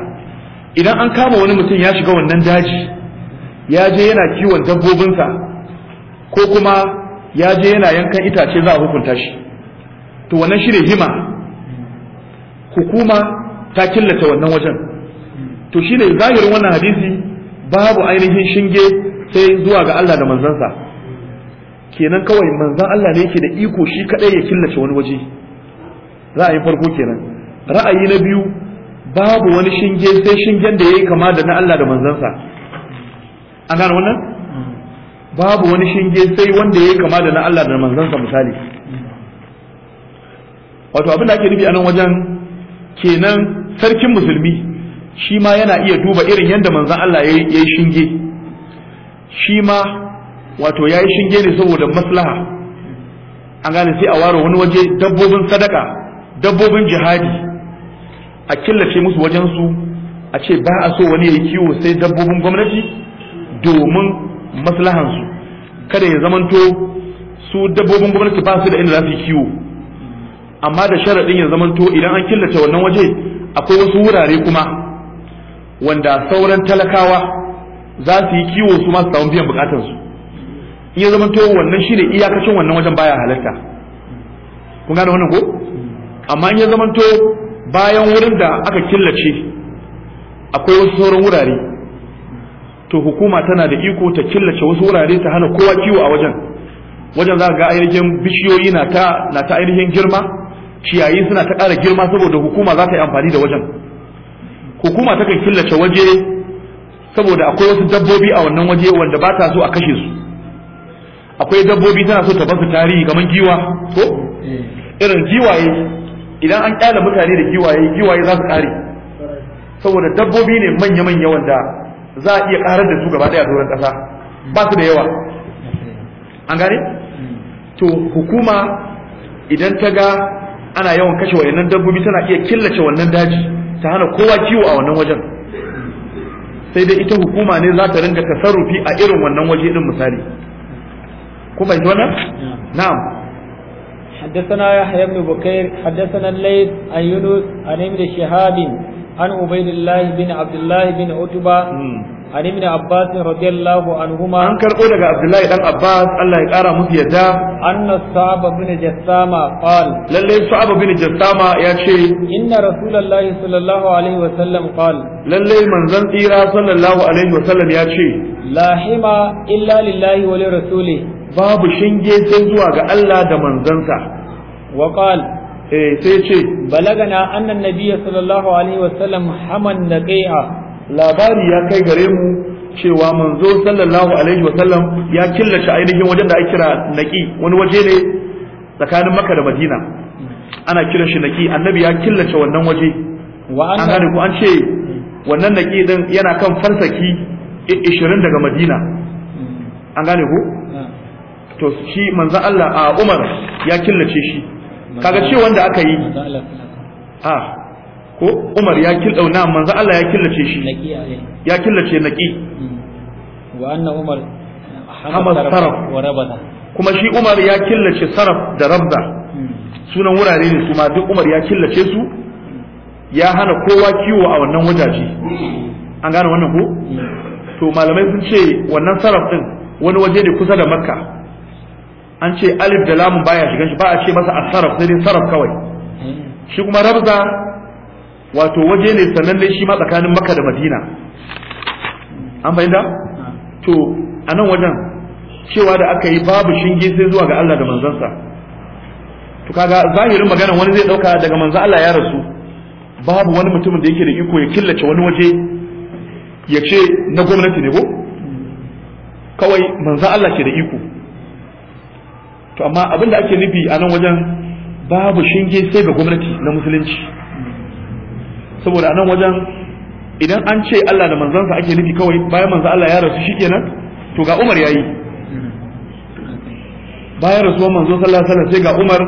S1: idan an kama wani mutum ya shiga wannan daji ya je yana kiwon dabbobinsa ko kuma ya je yana yankan itace za a hukunta shi to wannan shi ne hima hukuma ta killace wannan wajen to shine zahirin wannan hadisi babu ainihin shinge sai zuwa ga Allah da manzansa kenan kawai manzan Allah ne yake da iko shi kadai ya killace wani waje ra'ayin farko kenan ra'ayi na biyu babu wani shinge sai shingen da yayi kama da na Allah da manzansa an gane wannan babu wani shinge sai wanda yayi kama da na Allah da manzansa misali wato abin da ake nufi a nan wajen kenan sarkin musulmi shi ma yana iya duba irin yadda manzon Allah ya yi shinge shi ma wato ya yi shinge ne saboda maslaha an gane sai a ware wani waje dabbobin sadaka dabbobin jihadi a killace musu wajensu a ce ba a so wani ya yi kiwo sai dabbobin gwamnati domin maslahansu kada ya zamanto su dabbobin gwamnati ba su da inda za su yi kiwo amma da sharaɗin ya zamanto idan an killace wannan waje akwai wasu wurare kuma wanda sauran talakawa za su yi kiwo su ma su samu biyan su in ya zamanto wannan shine iyakacin wannan wajen baya halatta kun gane wannan ko amma in ya zamanto bayan wurin da aka killace akwai wasu sauran wurare to hukuma tana da iko ta killace wasu wurare ta hana kowa kiwo a wajen wajen za ga ainihin bishiyoyi na ta ainihin girma ciyayi suna ta ƙara girma saboda hukuma za ta yi amfani da wajen hukuma ta kan killace waje saboda akwai wasu dabbobi a wannan waje wanda ba ta so a kashe su akwai dabbobi tana so ta ba su tarihi kamar giwa ko eh. irin giwaye idan an ƙyale mutane da giwaye giwaye za su ƙare saboda dabbobi ne manya-manya wanda za a iya ƙarar da su gaba ɗaya doron ƙasa ba su da yawa an gane hmm. to hukuma idan ta ga ana yawan kashe wayannan dabbobi tana iya killace wannan daji ta hana kowa kiwo a wannan wajen sai dai ita hukuma
S3: ne za ta ringa tasarrufi a irin wannan waje din misali ku bai nan na'am حدثنا يحيى بن بكير حدثنا الليث عن يونس عن ابن شهاب عن عبيد الله بن عبد الله بن عتبة عن ابن عباس رضي الله عنهما عن كرقودة عبد الله بن عباس الله يقرأ مفيدا أن الصعب بن جسامة قال للي الصعب بن جسامة يا شيء إن رسول الله صلى الله عليه وسلم قال للي من زنطيرا صلى الله عليه وسلم يا شيء لا حما إلا لله ولرسوله باب شنجي سنزوا الله دمن زنطا وقال eh sai ce balagana annan nabiyya sallallahu alaihi wasallam haman naqi'a labari ya kai gare mu cewa manzo sallallahu alaihi wasallam ya killace ainihin wajen da ake kira naqi
S1: wani waje ne tsakanin makka da madina ana kiran shi naqi annabi ya killace wannan waje an gane ku an ce wannan naqi din yana kan farsaki 20 daga madina an gane ku hmm. to shi manzo Allah a Umar ya killace shi kaga ce wanda aka yi a ah, ko umar ya kil oh, na manzo Allah ya killace shi ya killace naqi hmm. wa anna umar hamas saraf wa rabda kuma shi umar ya killace saraf da rabda hmm. sunan wurare ne kuma duk umar ya killace su ya hana kowa kiwo a wannan wajaje an gane wannan ko hmm. to malamai sun ce wannan saraf din wani waje ne kusa da makka an ce alif da lamun baya shigan shi ba a ce masa asaraf sai dai saraf kawai shi kuma rabza wato waje ne sannan dai shi ma tsakanin makka da madina an fahimta to a nan wajen cewa da aka yi babu shinge sai zuwa ga Allah da manzansa to kaga zahirin magana wani zai dauka daga manzan Allah ya rasu babu wani mutumin da yake da iko ya killace wani waje ya ce na gwamnati ne ko kawai manzan Allah ke da iko to amma abin da ake nufi a nan wajen babu shinge sai ga gwamnati na musulunci saboda a nan wajen idan an ce Allah da manzansa ake nufi kawai bayan manzan Allah ya rasu shikenan to ga Umar yayi bayan rasuwar manzo sallallahu alaihi wasallam sai ga Umar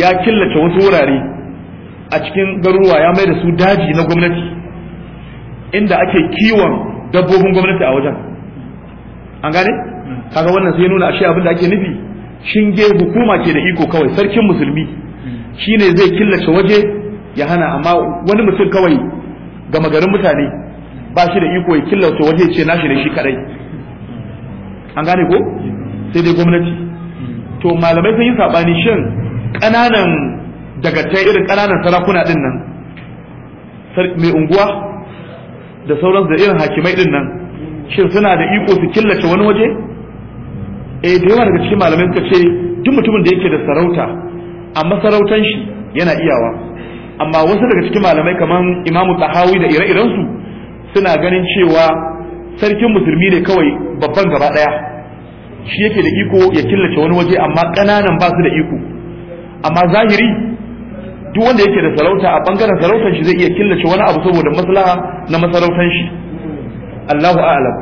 S1: ya killace wasu wurare a cikin garuruwa ya mai da su daji na gwamnati inda ake kiwon dabbobin gwamnati a wajen an gane kaga wannan sai nuna ashe abin da ake nufi shinge hukuma ke da iko kawai sarkin musulmi shine zai killace waje ya hana amma wani mutum kawai gama garin mutane ba shi da iko ya killace waje ce nashi da shi kadai an gane ko sai dai gwamnati to malamai sun yi sabani shin kananan dagatai irin kananan sarakuna din nan mai unguwa da sauransu da irin hakimai din nan shin suna da iko su killace wani waje eh da yawa daga cikin malamai suka ce duk mutumin da yake da sarauta a sarautan shi yana iyawa amma wasu daga cikin malamai kamar imamu tahawi da ire-irensu suna ganin cewa sarkin musulmi ne kawai babban gaba daya shi yake da iko ya killace wani waje amma ƙananan ba su da iko amma zahiri duk wanda yake da sarauta a bangaren sarautar shi zai iya killace wani abu saboda maslaha
S3: na masarautan shi Allahu a'lam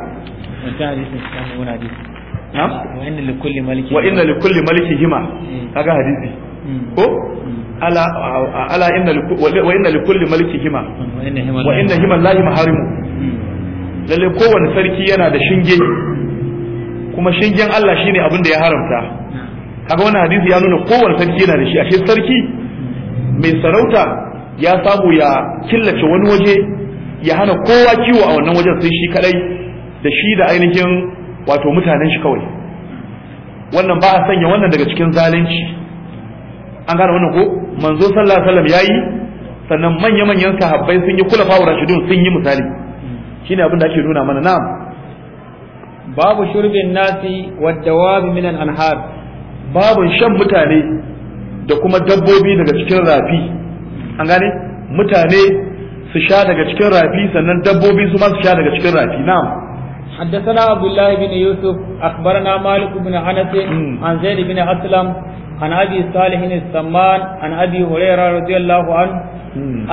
S3: wa inna li kulli wa maliki hima hmm.
S1: kaga hadisi hmm.
S3: ko hmm. ala ala inna wa inna
S1: li kulli maliki hima wa inna hima lahi maharimu lalle kowanne sarki yana da shinge kuma shingen Allah shine abin da ya haramta kaga wannan hadisi ya nuna kowanne sarki yana da shi ashe sarki mai sarauta ya samu ya killace wani waje ya hana kowa kiwo a wannan wajen sai shi kadai da shi da ainihin wato mutanen shi kawai wannan ba a sanya wannan daga cikin zalunci an gane wannan ko manzo sallallahu alaihi wasallam yayi sannan manya-manyan sahabbai sun yi kula fa'u rashidun sun yi misali shine abin da ake nuna mana na'am
S3: babu shurbin nasi wadda wabi minan anhar babu shan mutane da kuma dabbobi daga cikin rafi an gane
S1: mutane su sha daga cikin rafi sannan dabbobi su ma su sha daga cikin rafi na'am
S3: حدثنا عبد الله بن يوسف أخبرنا مالك بن أنس عن زيد بن أسلم عن أبي صالح السمان عن أبي هريرة رضي الله عنه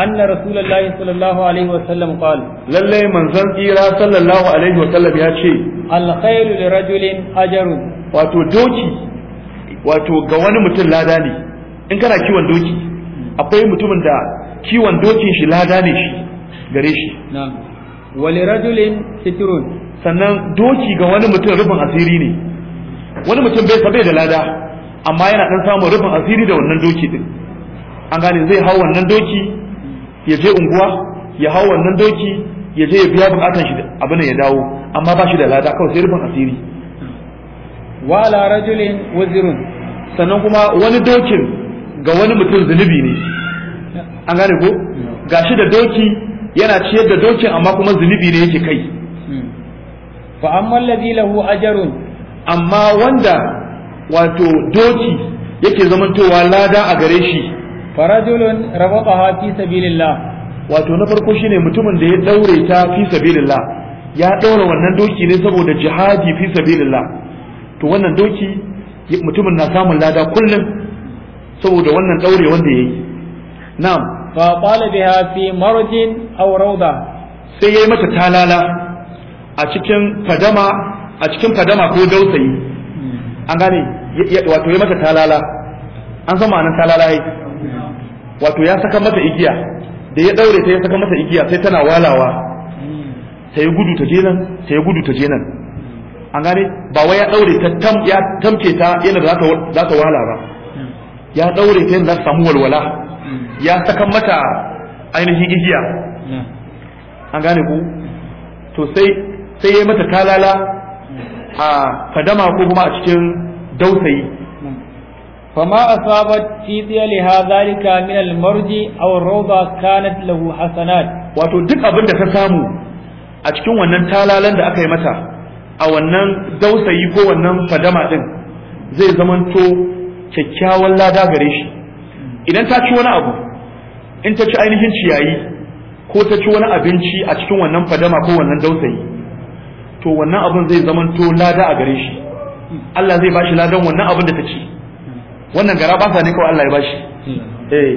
S3: أن رسول الله صلى الله عليه وسلم قال للي من زنقيرا صلى الله عليه وسلم يأتي الخير لرجل أجر واتو دوكي
S1: واتو قوان متن لا داني إن كان كيوان دوكي أقوي متمن دا كيوان دوكي شي لا داني شي gare shi. Na'am. Wali rajulin sitirun sannan doki ga wani mutum rufin asiri ne wani mutum bai sabai da lada amma yana dan samun rufin asiri da wannan doki din an gane zai hau wannan doki ya je unguwa ya hau wannan doki ya je ya biya bukatan shi abin ya dawo amma ba shi da lada kawai sai rufin asiri wa rajulin wazirun sannan kuma wani dokin ga wani mutum zunubi ne an gane ko gashi da doki yana ciyar da dokin amma kuma zunubi ne yake kai
S3: fa amma allazi lahu ajrun amma wanda wato doki yake zamantowa lada a gare shi farajulun rabataha fi sabilillah
S1: wato na farko shine mutumin da ya daure ta fi sabilillah ya daura wannan doki ne saboda jihadi fi sabilillah to wannan doki mutumin na samun lada kullum saboda wannan daure wanda yayi na'am
S3: fa qala biha fi marjin aw rawda sai yayi mata talala a
S1: cikin fadama a cikin fadama ko dausayi an gane wato ya mata talala an san ma'anar talala yi wato ya saka mata igiya da ya daure ta ya saka mata igiya sai tana walawa ta yi gudu ta je nan ta yi gudu ta je nan an gane ba wai ya daure ta tam ya tamke ta yana za ta za ta wala ba ya daure ta yadda za samu walwala ya saka mata ainihin igiya an gane ku to sai sai ya mata talala
S3: a fadama ko kuma a cikin dausayi فما أصابت في ظلها ذلك من المرج أو الروضة كانت له حسنات wato duk abin da ta samu a cikin wannan talalan da aka yi
S1: mata a wannan dausayi ko wannan fadama din zai zamanto kyakkyawan lada gare shi idan ta ci wani abu in ta ci ainihin ciyayi ko ta ci wani abinci a cikin wannan fadama ko wannan dausayi to wannan abin zai zaman to lada a gare shi Allah zai bashi ladan wannan abin da ta ci
S3: wannan gara sa ne kawai Allah ya bashi eh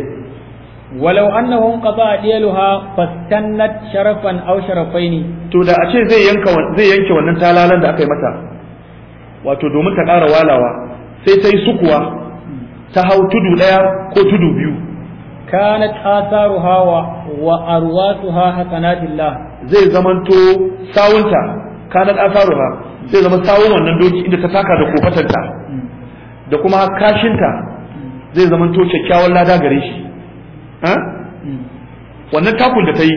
S3: walau annahum qada diyaluha fastannat sharafan aw sharafaini to da a ce zai yanka zai
S1: yanke wannan talalan da aka yi mata wato domin ta ƙara walawa sai ta yi sukuwa
S3: ta hau tudu ɗaya ko tudu biyu kanat atharuha wa arwatuha hasanatillah zai zamanto sawunta
S1: kanar ha sai zama tsawon wannan doki inda ta taka da kofatanta da kuma kashinta zai zama to kyakkyawan lada gare shi wannan takun da ta yi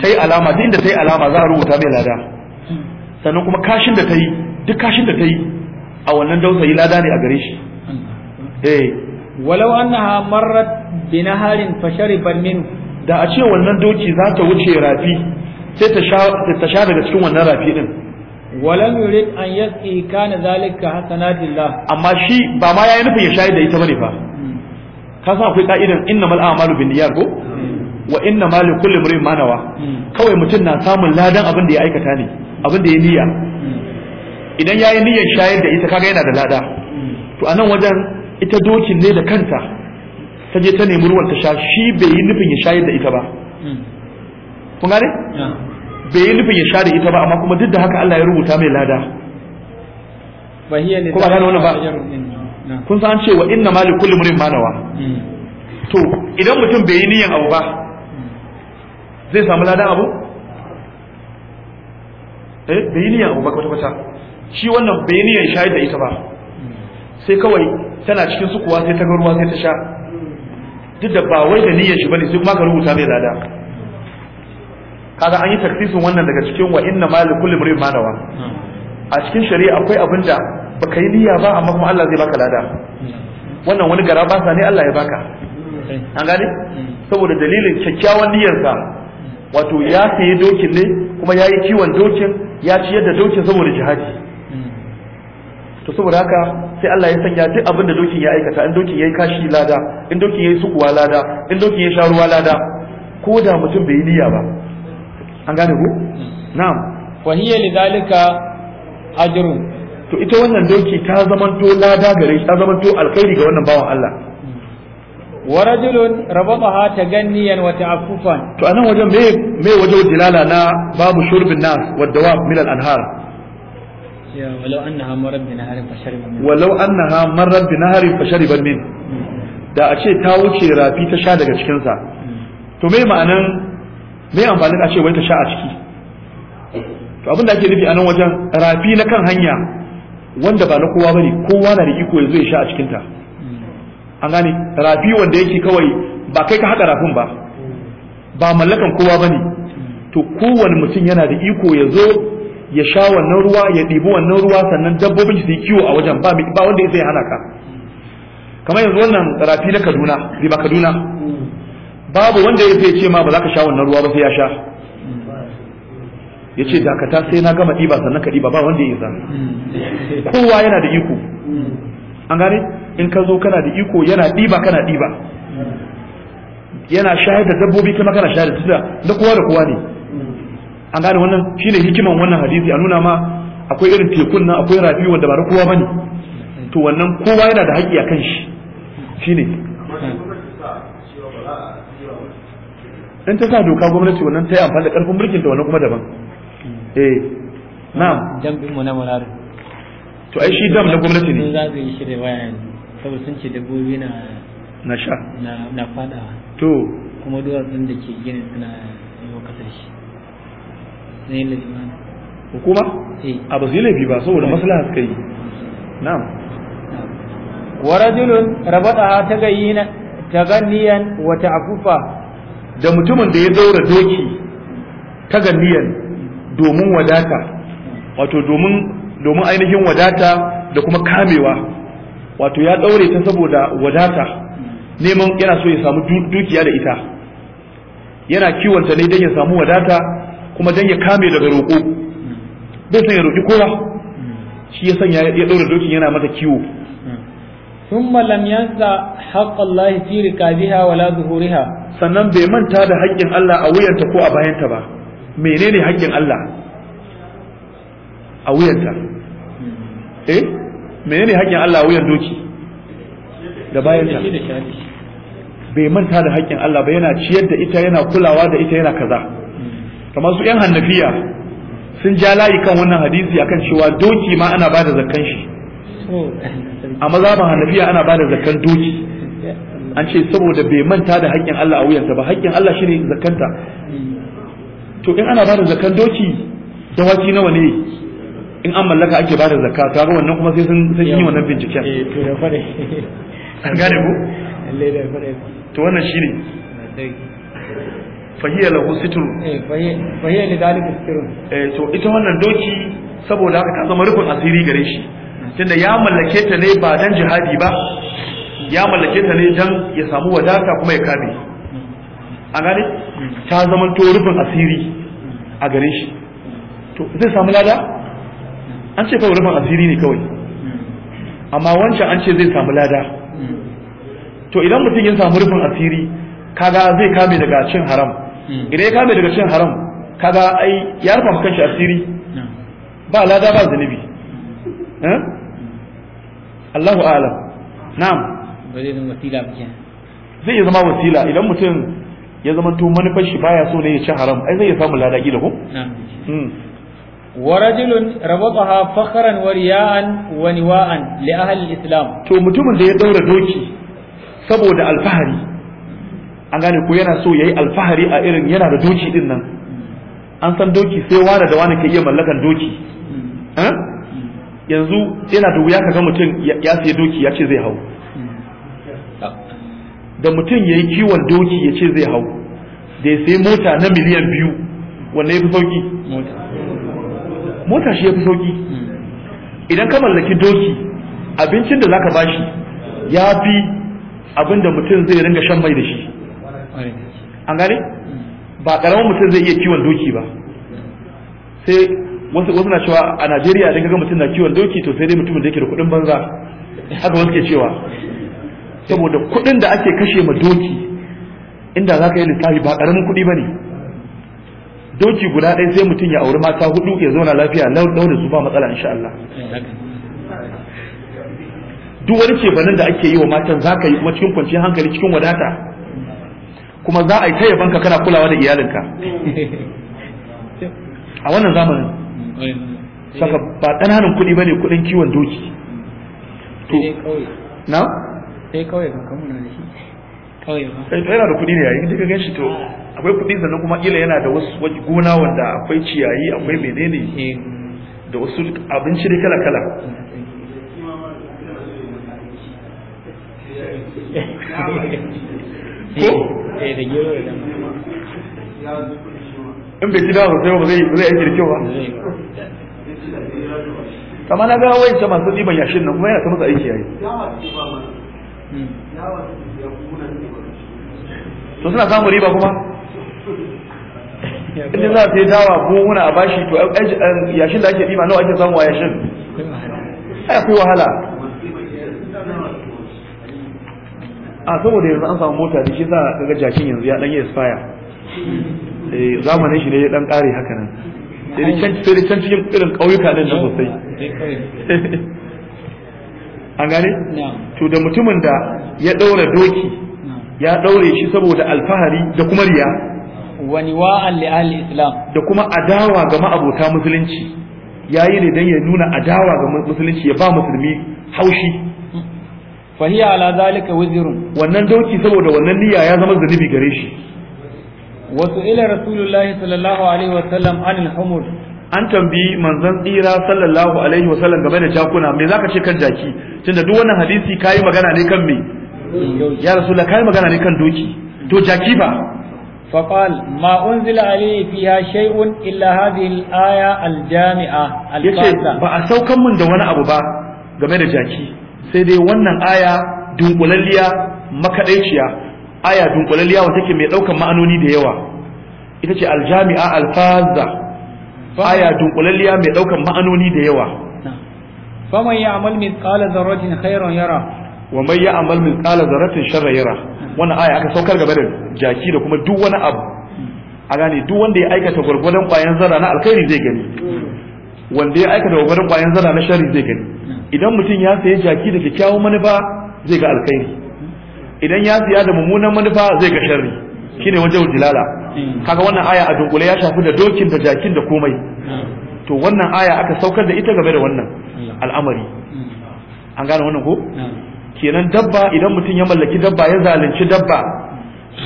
S1: ta yi alama duk inda ta yi alama za a rubuta mai lada sannan kuma kashin da ta yi duk kashin da ta yi a wannan dausayi lada ne a gare shi eh walau annaha marrat binaharin naharin min da a ce wannan doki za ta wuce rafi sai ta sha daga cikin wannan rafi din
S3: walam yurid an yasqi kana zalika hasanatillah amma shi ba ma yayi nufin ya shayar da ita bane fa ka san akwai ka'idan innamal a'malu binniyat ko hmm.
S1: wa innamal ma likulli imrin ma nawa hmm. kawai mutum na samun ladan abin da ya aikata ne abin da ya niyya hmm. idan yayi niyyar shayar da ita kaga yana da lada to anan wajen ita dokin ne da kanta ta je ta nemi ruwan ta sha shi bai yi nufin ya shayar da ita ba kun gane bai yi nufin ya sha da ita ba amma kuma duk da haka Allah ya rubuta mai lada kuma gane wani ba kun san ce wa inna mali kulli murin manawa mm. to idan mutum bai yi niyan abu ba zai samu lada abu eh bai yi niyan abu ba kwata kwata shi wannan bai yi niyan shayar da ita ba sai kawai tana cikin sukuwa sai ta ga ruwa sai ta sha duk da ba wai da niyyar shi bane sai kuma ka rubuta mai lada kaga an yi taksisin wannan daga cikin wa inna ma li kulli imrin ma nawa a cikin shari'a akwai abin da baka yi niyya ba amma kuma Allah zai baka lada wannan wani gara ba ne Allah ya baka an gane saboda dalilin kyakkyawan niyyarsa wato ya sayi dokin ne kuma ya yi kiwon dokin ya ci yadda dokin saboda jihadi to saboda haka sai Allah ya sanya duk abin da dokin ya aikata in dokin ya yi kashi lada in dokin ya yi sukuwa lada in dokin ya sha ruwa lada ko da mutum bai yi niyya ba an gane ku na'am
S3: wa hiya lidhalika ajrun to ita wannan doki ta zamanto lada gare ta zamanto alkhairi ga wannan bawan Allah wa rajulun rabataha taganniyan wa
S1: ta'affufan to anan wajen me me wajen dilala na babu shurbin nas wa dawab min al anhar
S3: ولو أنها مرت بنهر فشرب منه ولو أنها مرت بنهر فشرب
S1: منه da a ce ta wuce rafi ta sha daga cikinsa mm-hmm. to me ma'anan me amfani a ce wai ta sha a ciki to abin da ake nufi a nan wajen rafi na kan hanya wanda ba na kowa bane kowa na da iko ya zo ya sha a cikinta an gane rafi wanda yake kawai ba kai ka haka rafin ba ba mallakan kowa bane to kowane mutum yana da iko ya zo ya sha wannan ruwa ya ɗibi wannan ruwa sannan dabbobin su yi kiwo a wajen ba wanda ya hana ka kamar yanzu wannan rafi na Kaduna riba Kaduna babu wanda ya ce ma ba za ka sha wannan ruwa ba sai ya sha ya ce dakata sai na gama ɗiba sannan ka ɗiba ba wanda ya zama kowa yana da iko an gane in ka zo kana da iko yana ɗiba kana ɗiba yana shayar da dabbobi kuma kana shayar da tunda da kowa da kowa ne an gane wannan shine hikiman wannan hadisi a nuna ma akwai irin tekun nan akwai rafi wanda ba na kowa bane to wannan kowa yana da haƙƙi a kan shi shine in ta sa doka gwamnati wannan ta yi amfani da karfin mulkin ta wannan kuma daban eh na'am
S3: dam din mu na murarin to ai shi dam na gwamnati ne za su yi shi da waya saboda sun ce dabbobi na na sha na na fada to kuma duwatsun da ke ginin suna yau kasar shi ne lalima hukuma eh.
S1: a ba su yi laifi ba saboda eh. maslaha suka yi
S3: na'am ورجل ta تغيينا wata afufa. da mutumin da ya daura doki ta ganiyan domin wadata
S1: wato domin ainihin wadata da kuma kamewa wato ya daure ta saboda wadata neman yana so ya samu dukiya da ita yana kiwonta ne don ya samu wadata kuma don ya kame daga roƙo bai san ya roƙi kowa
S3: shi ya sanya ya daura dokin yana mata kiwo ثم لم ينسى حق الله في ركابها ولا sannan bai manta da haƙƙin Allah a wuyanta ko a bayanta ba menene haƙƙin Allah
S1: a wuyanta eh menene haƙƙin Allah a wuyan doki da bayanta bai manta da haƙƙin Allah ba yana ciyar da ita yana kulawa da ita yana kaza kamar su yan hannafiya sun ja layi kan wannan hadisi akan cewa doki ma ana bada zakkan shi
S2: a
S1: maza hannafiya ana bada zakkan doki an ce saboda bai manta da haƙƙin Allah a wuyansa ba haƙƙin Allah shine zakanta to in ana bada zakan doki dawaki nawa ne in an mallaka ake bada zakka kaga wannan kuma sai sun san yi wannan binciken eh to ya fare an gane ko lalle da fare to wannan shine fahiya lahu sitru eh fahiya li dalika sitru eh to ita wannan doki saboda haka ta zama rufin asiri gare shi tunda ya mallake ta ne ba dan jihadi ba ya mallake ta ne dan ya samu wadata kuma ya kame a gane ta zama to rufin asiri a gare shi to zai samu lada an ce kawai rufin asiri ne kawai amma wancan an ce zai samu lada to idan mutum ya samu rufin asiri kaga zai kame daga cin haram idan ya kame daga cin haram kaga ai ya rufa shi asiri ba lada ba zunubi eh? Allahu a'lam na'am
S3: ba zai zama wasila ba kenan
S1: zai zama wasila idan mutum ya zama to manufar shi baya so ne ya ci haram ai zai samu lada gida ko
S3: ورجل ربطها فخرا ورياء ونواء لأهل islam. to mutumin da ya daura doki saboda alfahari an gane ko yana so yayi alfahari
S1: a irin yana da doki din nan an san doki sai wani da wani ke iya mallakan doki hmm. Hmm. yanzu yana da wuya kaga mutum ya siya doki ya ce zai hau da mutum ya yi kiwon doki ya ce zai hau da ya sai mota na miliyan biyu wanda ya fi sauki mota shi ya fi sauki idan ka mallaki doki abincin da zaka bashi ya fi abin da mutum zai ringa shan mai da shi an gane ba karamin mutum zai iya kiwon doki ba sai wasu na cewa a najeriya idan ga mutum na kiwon doki to sai dai mutumin da yake da kuɗin banza haka wasu ke cewa saboda kuɗin da ake kashe ma doki inda za ka yi lissafi ba karamin kuɗi ba ne doki guda ɗaya sai mutum ya auri mata hudu ya zauna lafiya launin su ba matsala insha Allah duk wani banin da ake yi wa matan za ka yi kuma cikin kwanciyar hankali cikin wadata kuma za a yi ta yabanka kana kulawa da iyalinka a wannan zamanin saka ba ƙananan kuɗi ba ne kuɗin kiwon doki sai kawai ba kamar da shi kawai ba sai yana da kuɗi ne yayi inda ka ganshi to ah. akwai kuɗi sannan kuma kila yana da wasu gona wanda akwai ciyayi akwai menene eh. da wasu abinci da kala kala
S2: eh, in bai ci dawa sosai ba zai zai aiki da ba
S1: kamar na ga wayance masu ɗiban yashin nan kuma yana ta masa aiki yayi
S2: to suna samun riba kuma inda za a sai dawa ko muna a bashi to eh, eh, eh, yashin
S1: da ake riba nawa ake samu a yashin ai akwai wahala a saboda yanzu an samu mota da shi za a ga jakin yanzu ya dan yi expire zamanin shi ne ya ɗan ƙare haka nan sai can cikin irin ƙauyuka din na
S2: sosai
S1: an gane to da mutumin da ya ɗaura doki ya daure shi saboda alfahari da kuma riya wa islam da kuma adawa ga ma'abota musulunci yayi ne dan ya nuna adawa ga musulunci ya ba musulmi haushi fahiya
S3: ala zalika wazirun wannan doki saboda wannan niyya ya zama zunubi gare shi wasu ila rasulullahi sallallahu alaihi wa sallam anil humur an tambayi manzon tsira
S1: sallallahu alaihi wa sallam game da jakuna me zaka ce kan jaki tunda duk wannan hadisi kai magana ne
S3: kan me ya rasulullah kai magana ne kan doki to jaki ba alayhi fiha shay'un illa hadhihi al aya al-jami'a al الفاظة ba a saukan mun da wani abu ba
S1: game da jaki
S3: sai dai wannan aya
S1: dunkulalliya makadaiciya aya dunkulalliya wata ke mai daukan ma'anoni da yawa ita ce aljami'a alfaza aya dunkulalliya mai daukan ma'anoni da yawa faman ya'mal mithqala dharratin khairan yara wa man ya'mal mithqala dharratin sharra yara wannan aya aka saukar gaba da jaki da kuma duk wani abu a gane duk wanda ya aikata gwargwadon kwayan zara na alkhairi zai gani wanda ya aikata gwargwadon kwayan zara na sharri zai gani idan mutum ya sayi jaki da kyakkyawan manufa zai ga alkhairi idan ya siya da mummunan manufa zai ga sharri shine wajen jilala kaga wannan aya a dunkule ya shafi da dokin da jakin da komai to wannan aya aka saukar da ita game da wannan al'amari an gane wannan ko kenan dabba idan mutum ya mallaki dabba ya zalunci dabba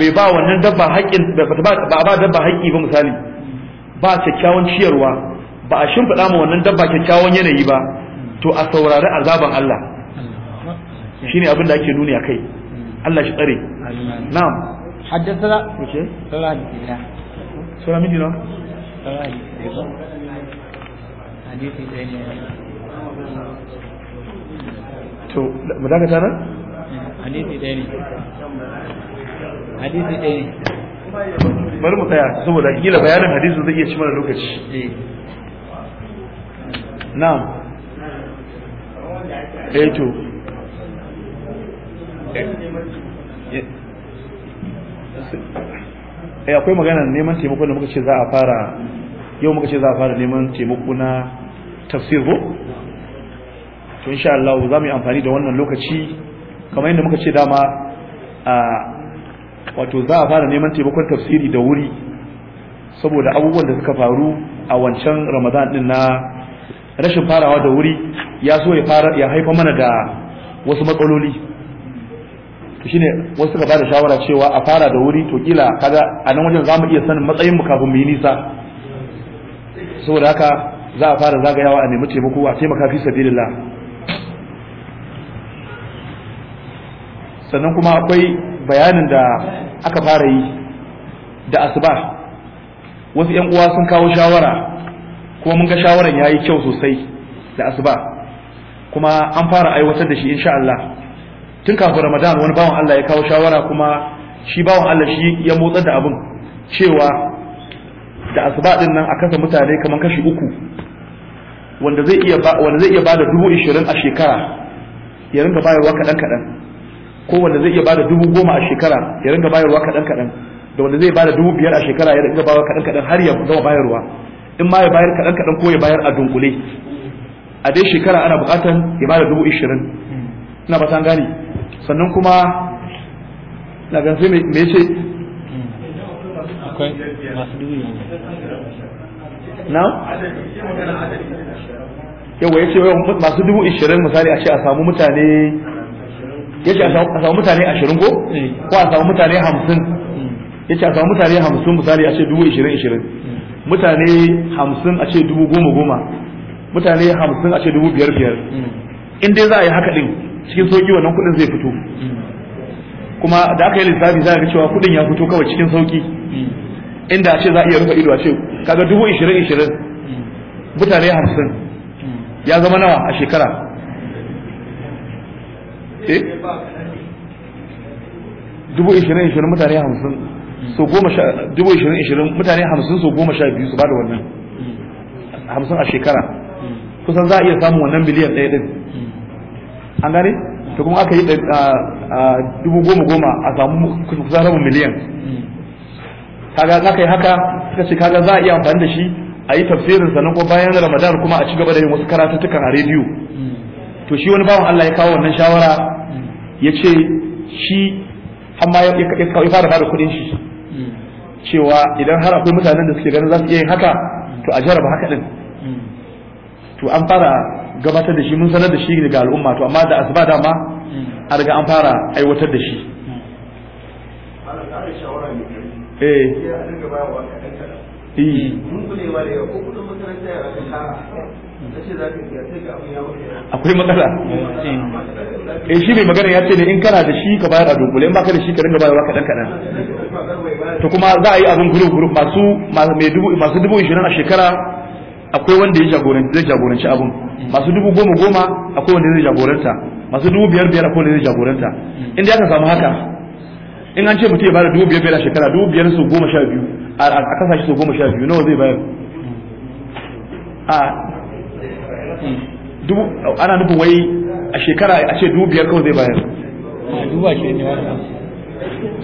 S1: bai ba wannan dabba haƙƙin ba ba dabba haƙƙi ba misali ba kyakkyawan ciyarwa ba a shimfiɗa ma wannan dabba kyakkyawan yanayi ba to a saurari azaban Allah shine abin da ake nuni a kai
S3: Allah shi tsare na'am حدثنا وش سورة حديث الله سورة مين دينا سورة حديث
S2: حديث
S1: to mu daga bari mu tsaya saboda kila bayanin hadisin zai iya ci mana lokaci Na. eh Eh, akwai magana neman taimako da muka ce za a fara yau muka ce za a fara neman taimako na tafsir ko to insha Allah za mu yi amfani da wannan lokaci kamar yadda muka ce dama a wato za a fara neman taimakon tafsiri da wuri saboda abubuwan da suka faru a wancan Ramadan din na rashin farawa da wuri ya so ya fara ya haifa mana da wasu matsaloli shine wasu suka bada shawara cewa a fara da wuri to kila kaga a nan wajen zamu iya sanin matsayin mu kafin mu yi nisa saboda haka za a fara zagayawa a nemi taimako a taimaka fi sabilillah sannan kuma akwai bayanin da aka fara yi da asuba wasu yan uwa sun kawo shawara kuma mun ga shawaran yayi kyau sosai da asuba kuma an fara aiwatar da shi insha Allah tun kafin ramadan wani bawan Allah ya kawo shawara kuma shi bawan Allah shi ya motsar da abin cewa da asuba din nan a kasa mutane kamar kashi uku wanda zai iya ba wanda zai iya bada dubu ishirin a shekara ya ringa bayarwa kaɗan kaɗan ko wanda zai iya bada dubu goma a shekara ya ringa bayarwa kaɗan kaɗan da wanda zai bada dubu biyar a shekara ya ringa bayarwa kaɗan kaɗan har ya gama bayarwa in ma ya bayar kaɗan kaɗan ko ya bayar a dunkule a dai shekara ana buƙatar ya bada dubu ishirin ina ba san gane sannan kuma na gan mai me ce
S2: akwai masu dubu na
S1: yawa yace masu dubu ishirin misali a ce a samu mutane ce a samu mutane ashirin ko eh. ko a samu mutane hamsin hmm. ce a samu mutane hamsin misali a ce dubu ishirin ishirin hmm. mutane hamsin a ce dubu goma goma mutane hamsin a ce dubu biyar biyar hmm. in dai za a yi haka din cikin sauki wannan kuɗin zai fito kuma da aka yi lissafi za a ga cewa kuɗin ya fito kawai cikin sauki inda a ce za a iya rufe ido a ce kaga dubu ishirin ishirin mutane hamsin ya zama nawa a shekara eh? dubu ishirin ishirin mutane hamsin so goma sha dubu ishirin ishirin mutane hamsin so goma sha biyu su bada wannan hamsin a shekara kusan za a iya samun wannan miliyan ɗaya ɗin an gane to kuma aka yi eh, eh, eh, dubu goma goma a samu kusa rabin miliyan kaga za ka yi haka suka ce kaga za a iya amfani da shi a yi tafsirin sannan ko bayan ramadan kuma a ci gaba da yin wasu karatuttukan a rediyo to shi wani bawan Allah ya kawo wannan shawara ya ce shi amma ya fara fara kuɗin shi cewa idan har akwai mutanen da suke ganin za su iya yin haka to a jaraba haka din to an fara gabatar da shi mun sanar da shi daga al'umma to amma da asuba dama hmm. a riga an fara aiwatar da shi
S2: eh. eh. akwai matsala hmm. eh shi mai magana ya ce ne in kana
S1: da shi ka bayar a dunkule in baka da shi ka ringa bayarwa kaɗan kaɗan to kuma za a yi abin guruf guruf masu masu dubu ishirin a shekara akwai wanda ya jagoranci zai jagoranci abun masu dubu goma goma akwai wanda zai jagoranta masu dubu biyar biyar akwai wanda zai jagoranta inda aka samu haka in an ce mutum ya bada dubu biyar biyar a shekara dubu biyar su goma sha biyu a kasashe su goma sha biyu nawa zai bayar a dubu ana nufin wai a shekara a ce dubu biyar kawai zai bayar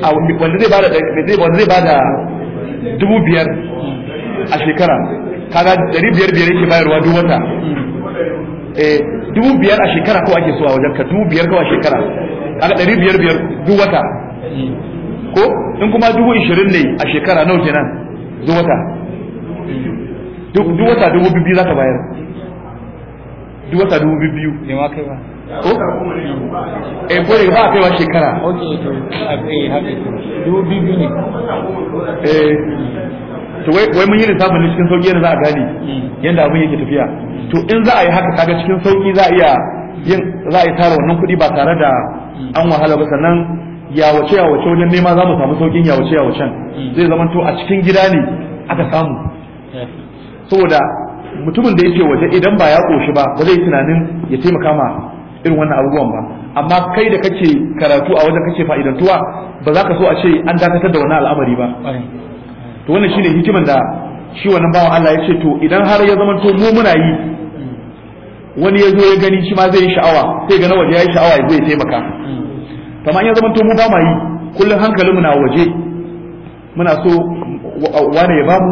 S1: a wanda zai bada dubu biyar a shekara kaga dari biyar biyar yake bayarwa duk wata eh dubu biyar a shekara kawai ake suwa a wajen ka dubu biyar kawai a shekara kaga dari biyar biyar duk wata ko in kuma dubu ishirin ne a shekara nawa kenan duk wata duk wata dubu biyu za ka bayar
S3: duk wata dubu biyu ne ma kai ba ko eh ko ne ba a ba shekara okay to eh dubu biyu ne eh
S1: to wai mun yi lissafin ne cikin sauki yadda za a gane yadda abin yake tafiya to in za a yi haka kaga cikin sauki za a iya yin za a yi tara wannan kuɗi ba tare da an wahala ba sannan yawace yawace wajen nema za mu samu saukin yawace yawacen zai zama to a cikin gida ne aka samu saboda mutumin da yake waje idan ba ya koshi ba ba zai tunanin ya taimaka ma irin wannan abubuwan ba amma kai da kake karatu a wajen kake fa'idantuwa ba za ka so a ce an dakatar da wani al'amari ba to wannan shine hikiman da shi wannan bawan Allah ya ce to idan har ya zama to mu muna yi wani ya zo ya gani shi ma zai yi sha'awa sai ga na waje ya yi sha'awa ya zai taimaka to amma in ya zama to mu ba ma yi kullum hankalinmu na waje muna so wane ya bamu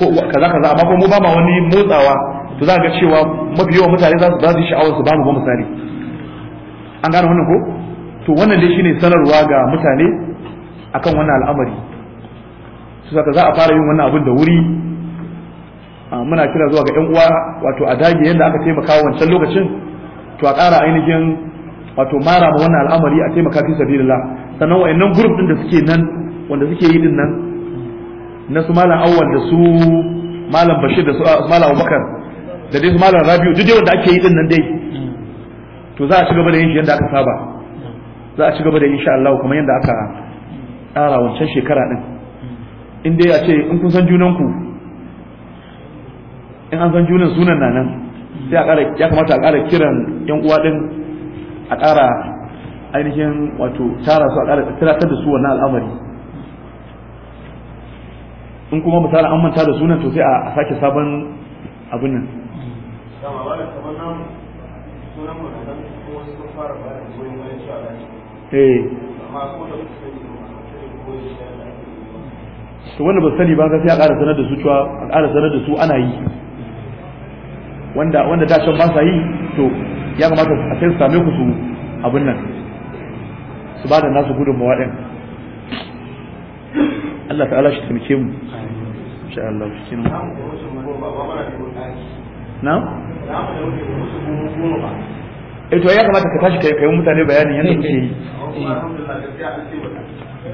S1: ko kaza kaza amma ko mu ba ma wani motsawa to za ga cewa mafi yawan mutane za su ba su sha'awar su mu ba misali an gane wannan ko to wannan dai shine sanarwa ga mutane akan wannan al'amari saka za a fara yin wannan abin da wuri muna kira zuwa ga 'yan uwa wato a dage yadda aka taimaka wancan lokacin to a ƙara ainihin wato mara ma wannan al'amari a taimaka fi sabilillah sannan wayannan group din da suke nan wanda suke yi din nan na su malam awwal da su malam bashir da su malam abubakar da dai su malam rabiu duk dai wanda ake yi din nan dai to za a ci gaba da yin shi yadda aka saba za a ci gaba da insha Allah kamar yadda aka tsara wancan shekara din in dai a ce in kun san junanku in an san junan sunan na nan sai a ƙara ya kamata a ƙara kiran yan uwa din a ƙara ainihin wato tara su a ƙara ta da su wannan al'amari in kuma misali an manta da sunan to sai a sake sabon abin nan eh to wanda ba sani ba sai a ƙara sanar da su cewa a ƙara sanar da su ana yi wanda wanda da can ba sa yi to ya kamata a kai same ku su abin nan su ba da nasu mawa ɗin Allah ta'ala shi taimake mu insha Allah shi kenan na eh to ya kamata ka tashi kai kai mutane bayanin yadda kuke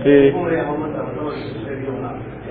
S2: yi eh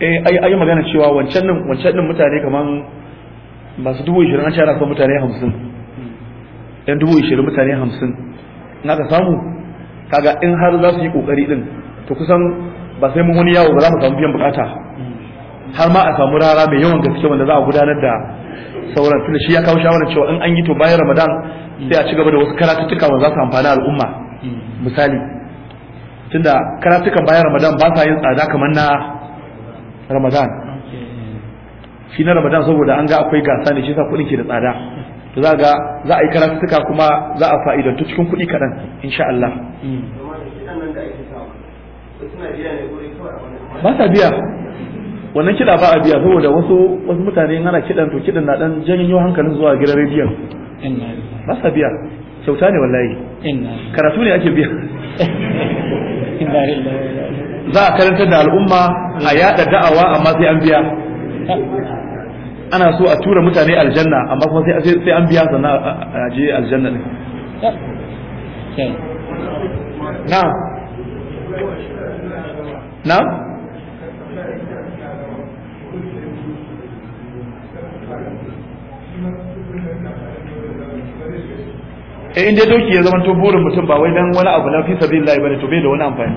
S1: eh ai ai magana cewa wancan nan wancan nan mutane kaman masu dubu 20 an shara son mutane hamsin yan dubu 20 mutane hamsin in aka samu kaga in har za su yi kokari din to kusan ba sai mun wani yawo ba za mu samu biyan bukata har ma a samu rara mai yawan gaske wanda za a gudanar da sauran tunda shi ya kawo shawarar cewa in an yi to bayan ramadan sai a ci gaba da wasu karatuttuka wanda za su amfani al'umma misali tunda karatukan bayan ramadan ba sa yin tsada kamar na ramadan shi na ramadan saboda an ga akwai gasa ne shi sa kudin ke da tsada to za ga za a yi karatuka kuma za a fa'idantu cikin kuɗi kaɗan insha Allah ba ta biya wannan kiɗa ba a biya saboda wasu wasu mutane ana kiɗan to kiɗan na ɗan janyo hankalin zuwa gidan rediyon ba sa biya kyauta ne wallahi karatu ne ake biya za a karantar da al'umma a yada da'awa amma sai an biya ana so a tura mutane aljanna amma kuma sai sai an biya sannan a je aljanna ne.
S2: na na eh inda doki ya zama to burin
S1: mutum ba wai dan wani abu na fi sabilillah bane to bai da wani amfani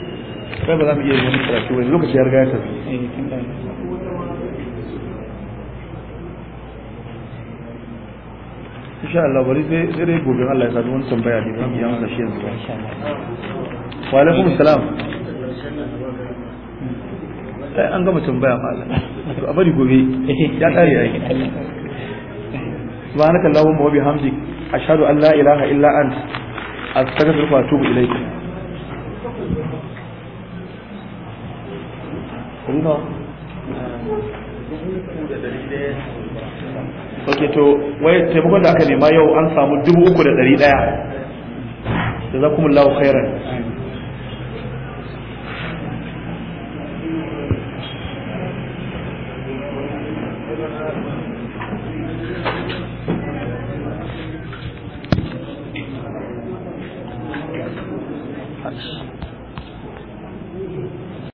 S1: sai ba za mu iya yin wani karatu wani lokaci ya riga ya tafi insha Allah bari sai dai gobe Allah ya sadu wani tambaya ne ba mu yi amsa shi yanzu
S2: wa alaikum salam sai an
S1: gama tambaya malam a bari gobe ya tare yayi subhanaka allahumma wa bihamdik ashhadu an la ilaha illa anta astaghfiruka wa atubu ilayk kun
S2: ok to wai taimakon da aka
S1: nema yau an samu dubu uku da ɗari ɗaya
S2: da za kuma lau khairan